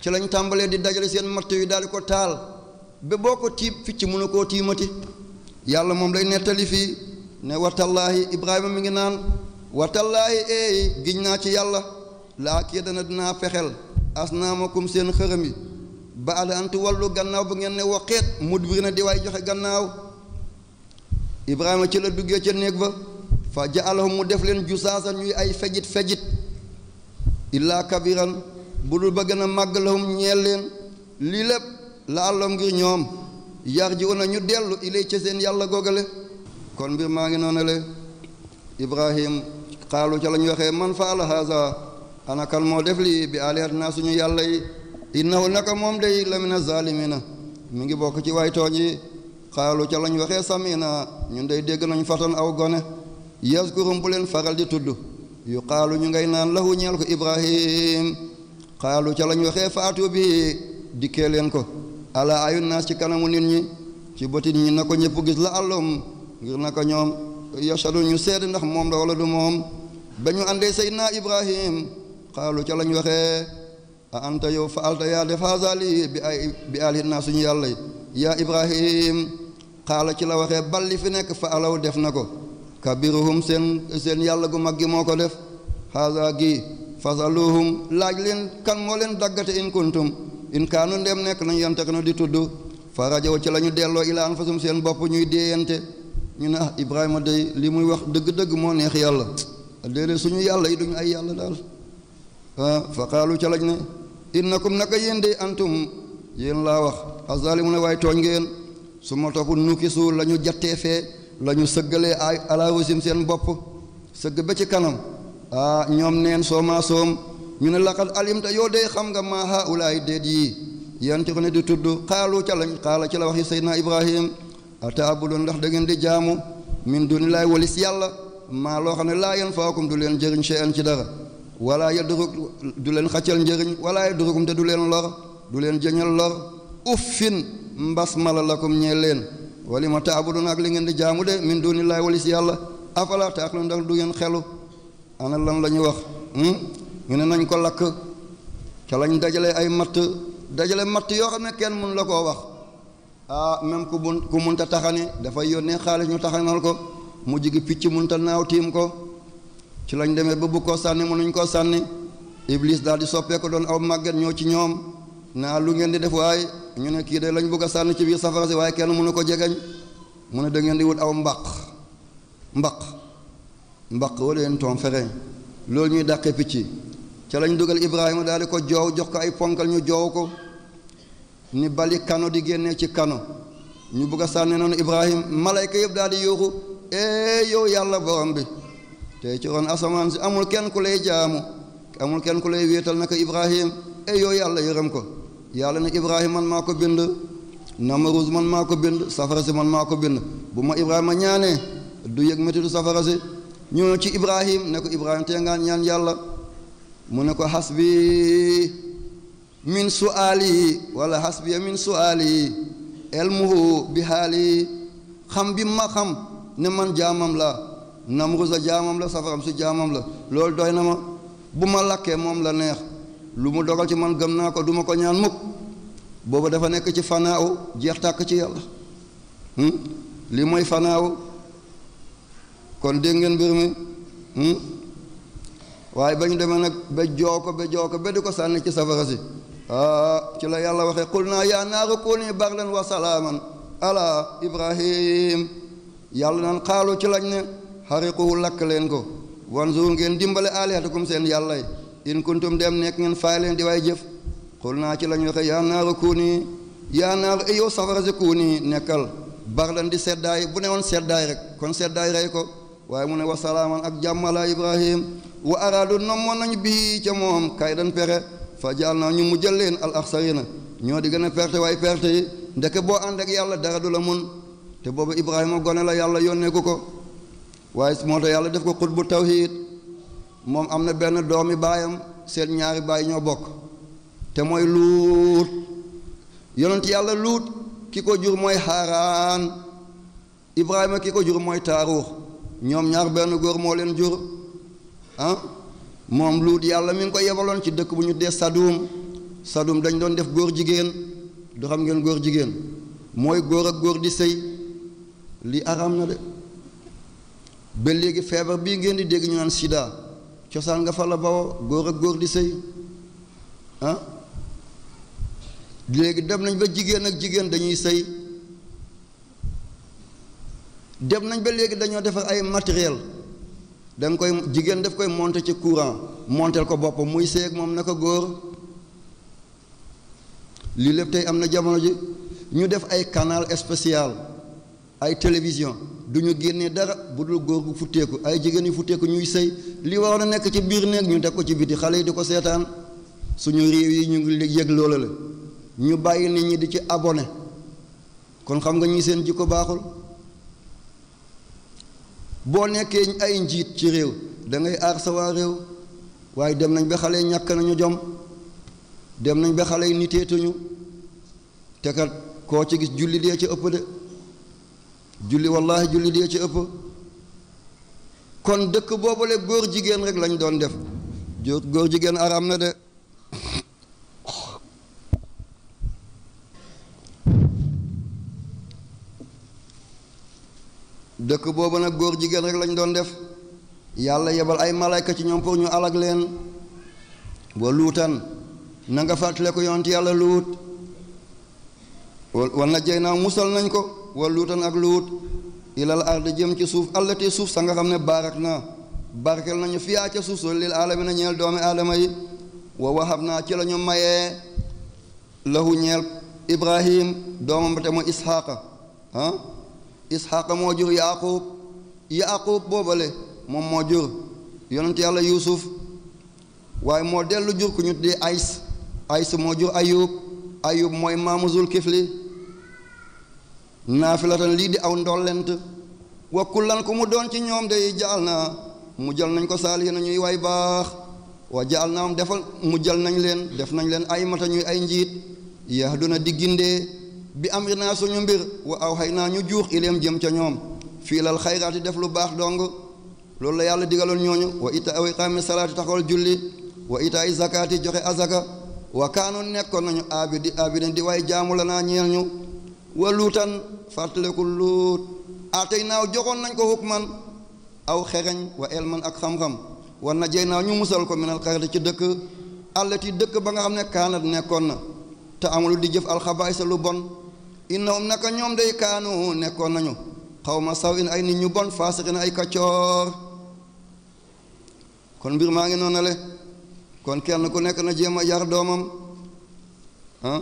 ci lañ tàmbalee di dajale seen matt yi daal di ko taal ba boo ko tiib ficc ne koo tiimati yàlla moom lay nettali fii ne watallaahi ibrahima mi ngi naan watallaahi eey giñ naa ci yàlla laa kii dana dinaa fexel asnaamakum seen xërëm yi ba ada antu wàllu gannaaw ba ngeen ne waqeet mudbir na di waay joxe gannaaw ibrahima ci la duggee ca néeg ba fa jaalahum mu def leen jusaasa ñuy ay fejit fejit illaa kabiran bu dul ba gën a màgg lahum ñeel leen lii lépp la àllam ngir ñoom yar ji una ñu dellu ilay ca seen yàlla googale kon mbir maa ngi noonu le ibrahim xaalu ca la ñu waxee man faala haza ana moo def lii bi alihatinaa suñu yàlla yi innahu naka moom day lamina na mu ngi bokk ci waay tooñ yi xaalu ca la ñu waxee samina ñun day dégg nañ fatan aw gone yaskurum bu leen faral di tudd ñu ngay naan lahu ñeel ko ibrahim xaalu ca la ñu waxee faatu bi dikkee leen ko ala ayu ci kanamu nit ñi ci bëti nit ñi na ko ñëpp gis la àllum ngir naka ñoom yashadu ñu seede ndax moom la wala du ibrahim xaalu ca lañ waxee a anta fa alta yaa defaasali bi ay bi alina suñu yàlla ya ibrahim xaala ci la waxee balli fi fa def nako kabiruhum sen seen yàlla gu mag gi moo def xaasa gi fasaluhum kan moo leen in kuntum in kanun dem nekk nañ yantakna di tudd fa rajow ci la ñu delloo ilaan fasum ñuy ñu ne ah Ibrahima day li muy wax dëgg-dëgg moo neex yàlla déedéet suñu yàlla yi duñu ay yàlla daal ah fa qaalu ca lañ ne innakum naka yéen day antum yéen laa wax azaalimu ne waaye tooñ ngeen su ma topp nukisu la ñu jattee fee la sëggalee ay alaawasim seen bopp sëgg ba ci kanam ah ñoom neen sooma soom ñu ne laqad alimta yow day xam nga maa haulaay déet yii yante ko ne di tudd xaalu ca lañ xaala ci la waxi seydna Ibrahim ataabudoon ndax da ngeen di jaamu min dunillaay walis yàlla maa loo xam ne laa yan faakum du leen jëriñ shay'an ci dara walaa yaduruk du leen xaccal njëriñ walaa yadurukum te du leen lor du leen jëñal lor uffin mbas la lakum ñee leen wali ma doon ak li ngeen di jaamu de min dunillaay walis yàlla afala taaqiloon ndax du ngeen xelu ana lan la ñu wax hmm? ñu ne nañ ko lakk ca lañ dajale ay matt dajale matt yoo xam ne kenn mun la koo wax ah même ku mun ku munta taxane dafa yónnee xaalis ñu taxanal ko mu jigi picc munta naaw tiim ko ci lañ demee ba mënuñ iblis daal di soppee ko doon aw màgget ñoo ci ñoom naa lu ngeen di def waaye ñu ne kii de lañ bëgg a sànni ci biir safara si waaye kenn mënu ko jegeñ mu ne da ngeen di wut aw mbaq mbaq mbaq wala yeen ñuy lañ ibrahima di ko jox ko ay ñu ko ni bali kano di génnee ci kano ñu bugg a sànni noonu ibrahim malayka yëpp daal di yuuxu ee yow yàlla borom bi tey ci asamaan si amul kenn ku lay jaamu amul kenn ku lay wéetal naka ibrahim ee yow yàlla yërëm ko yàlla ne ibrahim man maa ko bind namarus man maa ko bind safara si man maa ko bind bu ma ibrahima ñaanee du yëg métitu safara si ñu ci ibrahim ne ko ibrahim tey ngaan ñaan yàlla mu ne ko xas bi min su'aali wala hasbiya min su'aali elmuhu bi haali xam bi ma xam ne man jaamam la namrusa jaamam la safaram si jaamam la loolu doy na ma bu ma lakkee moom la neex lu mu dogal ci man gëm naa ko duma ko ñaan mukk boobu dafa nekk ci fanaaw jeex tàkk ci yàlla hmm? li mooy fanaaw kon dégg ngeen mbir mi hmm? waaye ba ñu demee nag ba joo ko ba joo ko ba ko sànni ci safara si ah ci la yàlla waxe qul naa yaa naaru kuuni bardan wa salaaman ala ibrahim yàlla naan xaalu ci lañ ne xariquhu lakk leen ko wanzur ngeen dimbale alihatakum seen yàlla yi in kuntum dem nekk ngeen faay leen di waay jëf xul naa ci lañ waxee yaa naaru kuuni yaa naaru eyow safara si kuuni nekkal bardan di seddaay bu ne woon seddaay rek kon seddaay rey ko waaye mu ne ak jàmm ala ibrahim wa araadu nommoon nañu bii ca moom kay dan pere fa jaal naa ñu mu jël leen al axsarina ñoo di gën a perte waaye perte yi ndeke boo ànd ak yàlla dara du la mun te boobu ibrahima gone la yàlla yónnee ko ko waaye moo tax yàlla def ko xut bu tawhid moom am na benn doomi baayam seen ñaari baay ñoo bokk te mooy luut yonent yàlla luut ki ko jur mooy xaaraan ibrahima ki ko jur mooy taaruux ñoom ñaar benn góor moo leen jur ah moom luut yàlla mi ngi ko yebaloon ci dëkk bu ñu dee sadum sadum dañ doon def góor jigéen du xam ngeen góor jigéen mooy góor ak góor di sëy lii araam ba léegi feebar bii ngeen di dégg ñu naan cosaan nga fa la góor ak góor di sëy ah léegi dem nañ ba jigéen ak jigéen dañuy sëy dem nañ ba léegi dañoo defar ay matériel da nga koy jigéen daf koy monter ci courant monteel ko boppam muy seeg moom naka góor lii lépp tey am na jamono ji ñu def ay canal spécial ay télévision du ñu génnee dara bu dul góor bu futteeku ay jigéen yu futteeku ñuy sëy li waroon a nekk ci biir néeg ñu teg ko ci biti xale yi di ko seetaan suñu réew yi ñu ngi yëg loola la ñu bàyyi nit ñi di ci abonné kon xam nga ñi seen jikko baaxul boo nekkee ay njiit ci réew dangay aar sa waa réew waaye dem nañ ba xale yi ñàkk nañu jom dem nañ ba xale yi niteetuñu te kat koo ci gis julli dee ci ëpp de julli wallaahi julli dee ci ëpp kon dëkk boobale góor jigéen rek lañ doon def góor jigéen araam na de dëkk boobu nag góor jigéen rek lañ doon def yàlla yebal ay malayka ci ñoom pour ñu alag leen wa luutan na nga fàttale ko yonent yàlla luut wal na jey naa musal nañ ko wa luutan ak luut ilal ard jëm ci suuf allati suuf sa nga xam ne baarak na barkel nañu fiyaa ca suuf soo lil aalami na ñeel doomi aadama yi wa wahab naa ci la ñu mayee lahu ñeel ibrahim doomam ba te mooy isxaaqa ah. isxaaqa moo jur yaaqub yaaqub boobale moom moo jur yonent yàlla yuusuf waaye moo dellu jur ku ñu tuddee ays ays moo jur ayub ayub mooy maamu zulkifli naafilatan lii di aw ndollent wa kullan ku mu doon ci ñoom de jaal naa mu jël nañ ko saalihiina ñuy waay baax wa jaal naa am defal mu jël nañ leen def nañ leen ay mata ñuy ay njiit yahduna di gindee bi amri naa suñu mbir wa aw xay naa ñu juux ileem jëm ca ñoom fii lal xayraati def lu baax dong loolu la yàlla digaloon ñooñu wa ita wa iqaami salaati taxawal julli wa itaay zakaati joxe azaka wa kaanu nekkoon nañu abidi abidin di waaye jaamu la naa ñeel ñu wa luutan fàttaleku luut atey naaw joxoon nañ ko hukman aw xereñ wa elman ak xam-xam war na jey naaw ñu musal ko minal xarati ci dëkk allati dëkk ba nga xam ne kaanat nekkoon na te amul di jëf alxabaay lu bon innahum naka nyom day kaanu nekkoon nañu xawma saw in ay nit ñu bon faasiqin ay kaccoor kon mbir maa ngi noonale kon kenn ku nekk na jema yar domam ah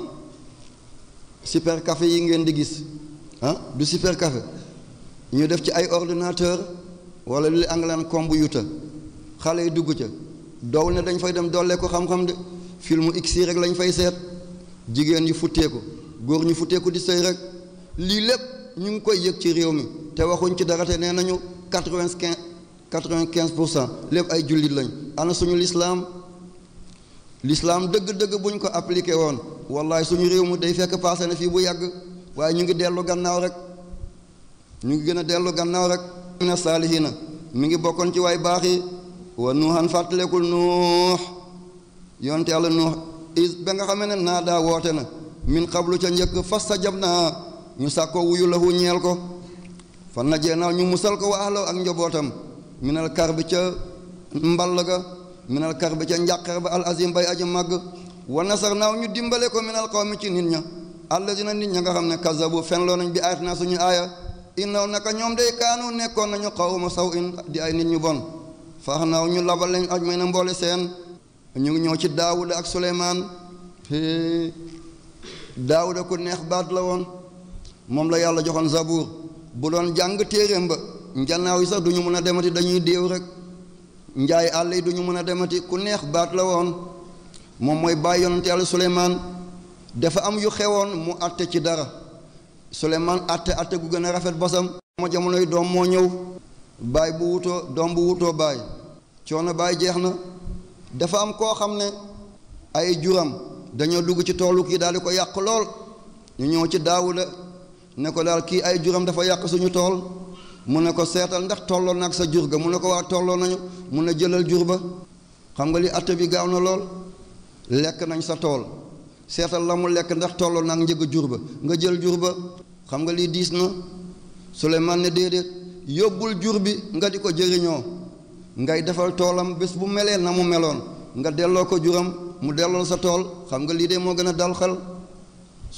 super café yi ngeen di gis ah du super café ñu def ci ay ordinateur wala li angalaan computer xale yi dugg ca doow ne dañ fay dem dolle ko xam-xam de filmu x rek lañ fay seet jigéen yu futteeku góor ñu futteeku di sëy rek lii lépp ñu ngi koy yëg ci réew mi te waxuñ ci dara te nee nañu quatre-vingt-quinze quatre-vingt-quinze pour cent lépp ay jullit lañ ana suñu lislaam lislaam dëgg-dëgg buñ ko appliqué woon wallaay suñu réew mi day fekk passé na fii bu yàgg waaye ñu ngi dellu gannaaw rek ñu ngi gën a dellu gannaaw rek mina saalihiina mi ngi bokkoon ci waay baax yi wa nuuxan fàttalekul nuux yonte yàlla nuux is ba nga xamee ne naa daa woote na min xablu ca njëkk fas sa jab naa ñu sàkkoo wuyu lahu ñeel ko fan na jeenaaw ñu musal ko wa ahlaw ak njobootam minal kar bi ca mball ga minal kar bi ca njàqar ba al azim bay aji màgg wa sax naaw ñu dimbale ko minal xaw mi ci nit ña allazina nit ña nga xam ne kazabu fen loo nañ bi aayat naa suñu aaya na naka ñoom day kaanu nekkoon nañu ma saw in di ay nit ñu bon faax naaw ñu labal lañ aj may na mboole seen ñu ngi ñëw ci daawuda ak suleymaan daawuda ku neex baat la woon moom la yàlla joxoon zabuur bu doon jàng téeréem ba njanaaw yi sax duñu mën a demati dañuy déew rek njaay àll yi duñu mën a demati ku neex baat la woon moom mooy bàyyi yonante yàlla suleymaan dafa am yu xewoon mu àtte ci dara suleymaan àtte àtte gu gën a rafet bosam ma jamonoy doom moo ñëw baay bu wutoo doom bu wutoo baay coono baay jeex na dafa am koo xam ne ay juram dañoo dugg ci toolu kii daal di ko yàq lool ñu ñëw ci daawuda ne ko daal kii ay juram dafa yàq suñu tool mu ne ko seetal ndax tolloon na ak sa jur ga mu ne ko waa tolloo nañu mu ne jëlal jur ba xam nga li atte bi gaaw na lool lekk nañ sa tool seetal la mu lekk ndax tolloo na ak njëg jur ba nga jël jur ba xam nga lii diis na Suleymaan ne déedéet yóbbul jur bi nga di ko jëriñoo ngay defal toolam bés bu melee na mu meloon nga delloo ko juram mu delloo sa tool xam nga lii de moo gën a dal xel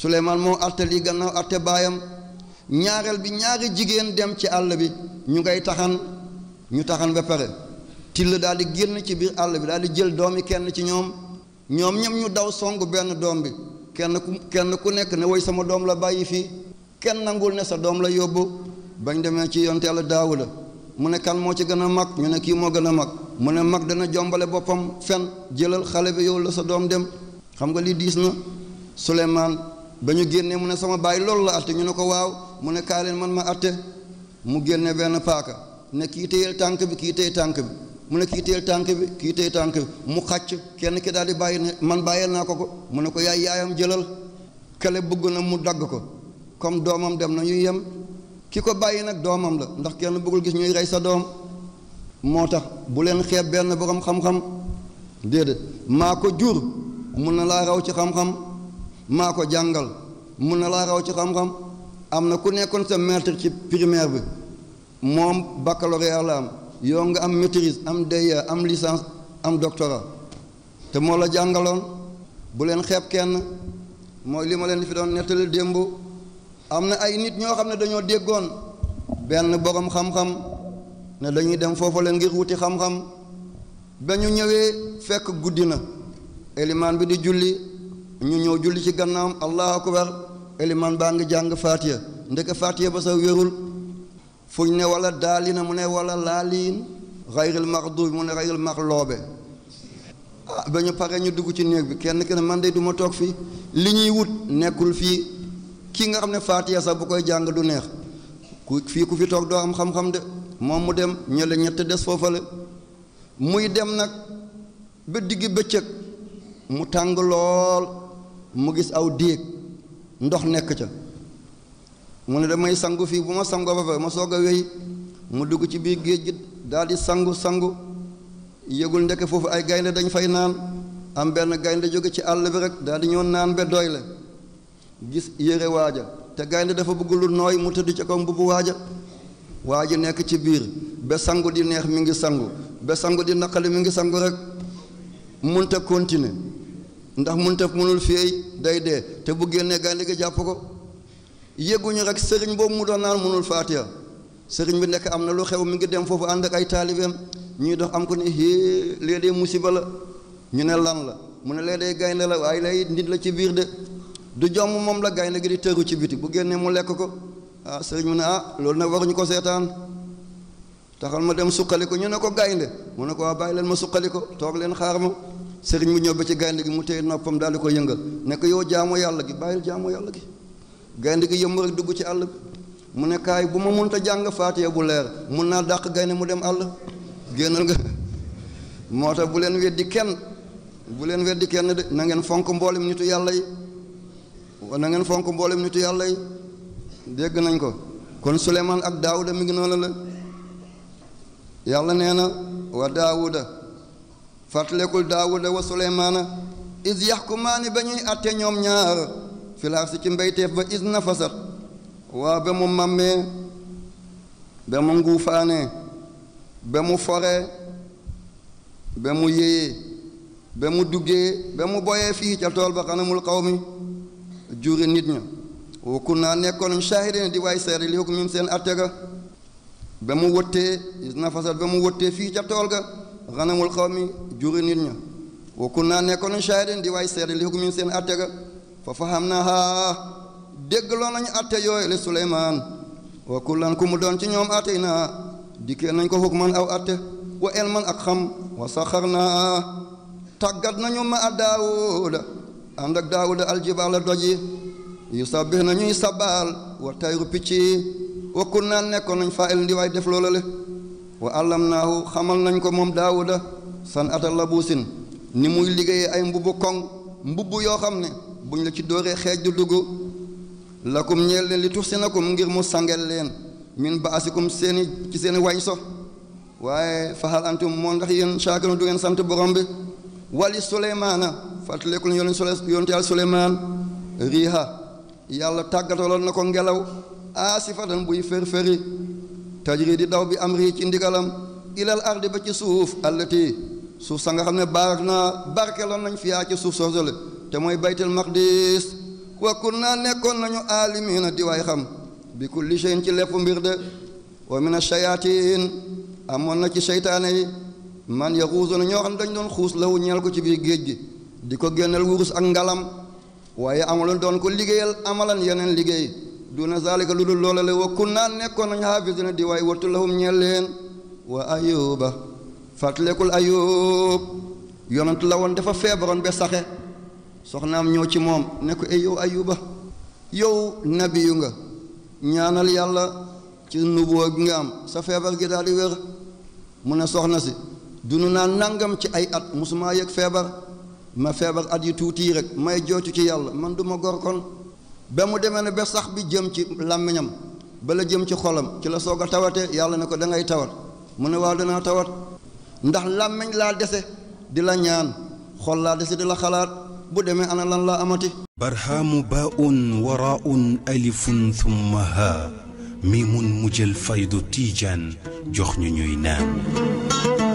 Suleymaan moo atte lii gannaaw atte baayam ñaareel bi ñaari jigéen dem ci àll bi ñu ngay taxan ñu taxan ba pare till daal di génn ci biir àll bi daal di jël doomi kenn ci ñoom ñoom ñoom ñu daw song benn doom bi kenn ku kenn ku nekk ne woy sama doom la bàyyi fii kenn nangul ne sa doom la yóbbu bañ demee ci yonteelu Daawuda mu ne kan moo ci gën a mag ñu ne kii moo gën a mag mu ne mag dana jombale boppam fen jëlal xale bi yow la sa doom dem xam nga lii diis na Souleymane ba ñu génnee mu ne sama bàyyi loolu la atte ñu ne ko waaw mu ne kaa man ma atte mu génne benn paaka ne kii téyel tànk bi kii téy tànk bi mu ne kii tànk bi kii téy tànk bi mu xàcc kenn ki daal di bàyyi ne man bàyyeel naa ko ko mu ne ko yaay yaayam jëlal kale bëgg na mu dagg ko comme doomam dem na ñu yem ki ko bàyyi nag doomam la ndax kenn bëggul gis ñuy rey sa doom moo tax bu leen xeeb benn borom xam-xam déedéet maa ko jur mun na laa raw ci xam-xam maa ko jàngal mun na laa raw ci xam am na ku nekkoon sa maître ci primaire bi moom baccalauréat la am yow nga am maîtrise am DEA am licence am doctorat te moo la jàngaloon bu leen xeeb kenn mooy li ma leen fi doon nettali démb. am na ay nit ñoo xam ne dañoo déggoon benn borom xam-xam ne dañuy dem foofu la ngir wuti xam-xam ba ñu ñëwee fekk guddi na elimaan bi di julli ñu ñëw julli ci gannaam allahu akbar elimaan baa ngi jàng faatiya ndeke faatiya ba sa wérul fuñ ne wala daalina mu ne walla laaliin xayril maxduub mu ne xayril maxloobe ah ba ñu pare ñu dugg ci néeg bi kenn kenn man de duma toog fii li ñuy wut nekkul fii kii nga xam ne faatiya sax bu koy jàng du neex ku fii ku fi toog doo am xam-xam de moom mu dem ñële ñett des foofa la muy dem nag ba digg bëccëg mu tàng lool mu gis aw déeg ndox nekk ca mu ne damay sangu fii bu ma sangoo ba fa ma soog a wéy mu dugg ci biir géej gi daal sangu sangu yëgul ndeke foofu ay gaynde dañ fay naan am benn gaynde jóge ci àll bi rek daal di naan ba doy la gis yére waaja te gaynde dafa bëgg lu nooy mu tëdd ci kaw mbubu waaja waaja nekk ci biir ba sangu di neex mi ngi sangu ba sangu di naqali mi ngi sangu rek munta continuer ndax munta mënul fii day dee te bu génnee gaynde gi jàpp ko yëguñu rek sëriñ boobu mu doon naan mënul faatiya sëriñ bi nekk am na lu xew mi ngi dem foofu ànd ak ay taalibeem ñuy dox am ko ne hée léeg-léeg musiba la ñu ne lan la mu ne léeg-léeg gaynde la waaye lay nit la ci biir de du jomm moom la gaynde gi di tëru ci biti bu génnee mu lekk ko ah sëriñ mu ne ah loolu nag waruñu ko seetaan taxal ma dem suqali ko ñu ne ko gaynde mu ne ko waa ah, bàyyi leen ma suqali ko toog leen xaar ma sëriñ mu ñëw ba ci gaynde gi mu téye noppam daal di ko yëngal ne ko yow jaamu yàlla gi bàyyil jaamu yàlla gi gaynde gi yëmb rek dugg ci àll bi mu ne kaay bu ma mënta jàng faatiya bu leer mun naa dàq gaynde mu dem àll génnal nga moo tax bu leen weddi kenn bu leen weddi kenn de na fonk mboolem nitu yàlla waa na fonk mboolem nitu yàlla yi dégg nañ ko kon suleymaan ak daawuda mi ngi noonu la yàlla nee na wa daawuda fàttalekul daawuda wa suleymaana is yaxkumaani ba ñuy atte ñoom ñaar filaar si ci mbéyteef ba is nafasat waa ba mu màmmee ba mu nguufaanee ba mu foree ba mu yéyee ba mu duggee ba mu boyee fii ca tool ba xanamul xaw mi juri nit ña wukku naa nekkoon shahidin di waay seere li hukmim seen atte ga ba mu wëttee nafasat ba mu wëttee fii ca tool ga xanamul xaw juri nit ña wukku naa nekkoon shahidin di waay seere li hukmim seen ate ga fa faham na haa dégg loo nañu atte yooyu li suleymaan wa kullan ku mu doon ci ñoom atte naa dikkee nañ ko hukman aw atte wa elman ak xam wa saxar naa tàggat nañu ma a ànd ak daawuda aljibaala doji yu sabbih na ñuy sabaal wa tayru picc yi wa kunnaa nekkoon nañ faa il ndi waay def loola le wa allamnaahu xamal nañ ko moom daawuda san ata labuusin ni muy liggéeyee ay mbubbu koŋ mbubbu yoo xam ne buñ la ci dóoree xeej du dugg lakum ñeel leen li tuxsinakum ngir mu sangel leen min baasikum seeni ci seeni way so waaye faxal moo ndax yéen shaakirun du sant borom bi wali suleymaana fàttaleku leen yoon sole yonent yàlla Suleymaan riiha yàlla tàggataloon na ko ngelaw aasifatan buy fër-fëri tajri di daw bi am amri ci ndigalam ilal ardi ba ci suuf allati suuf sa nga xam ne baarak naa barkeloon nañ fiyaa ci suuf soosole te mooy baytul maqdis wa kunna nekkoon nañu aalimiina di waay xam bi kulli shay'in ci lépp mbir de wa mina shayaatin amoon na ci seytaane yi man yaxuusu na ñoo xam ne doon xuus lawu ñeel ko ci biir géej gi di ko génneel wurus ak ngalam waaye amaloon doon ko liggéeyal amalan yeneen liggéey duna zalika lu dul loola la wa kunnaa nekkoon nañ xaafisina di waaye wattu lahum ñeel leen wa ayuba la woon dafa feebaroon ba saxe soxnaam ñëw ci moom ne ko yow ayuba yow nabiyu nga ñaanal yàlla ci nubuwa gi nga am sa feebar gi daal di wér mu soxna si dunu naa nangam ci ay at musuma yëg feebar ma feebar at yu tuuti rek may joocu ci yàlla man du ma gor kon ba mu demee ne ba sax bi jëm ci làmmiñam ba la jëm ci xolam ci la soog a tawatee yàlla ne ko dangay tawat mu ne waaw danaa tawat ndax làmmiñ laa dese di la ñaan xol laa dese di la xalaat bu demee ana lan laa amati barhaamu baaun waraun alifun thumma ha mimun mujjal faydu tiijaan jox ñu ñuy naan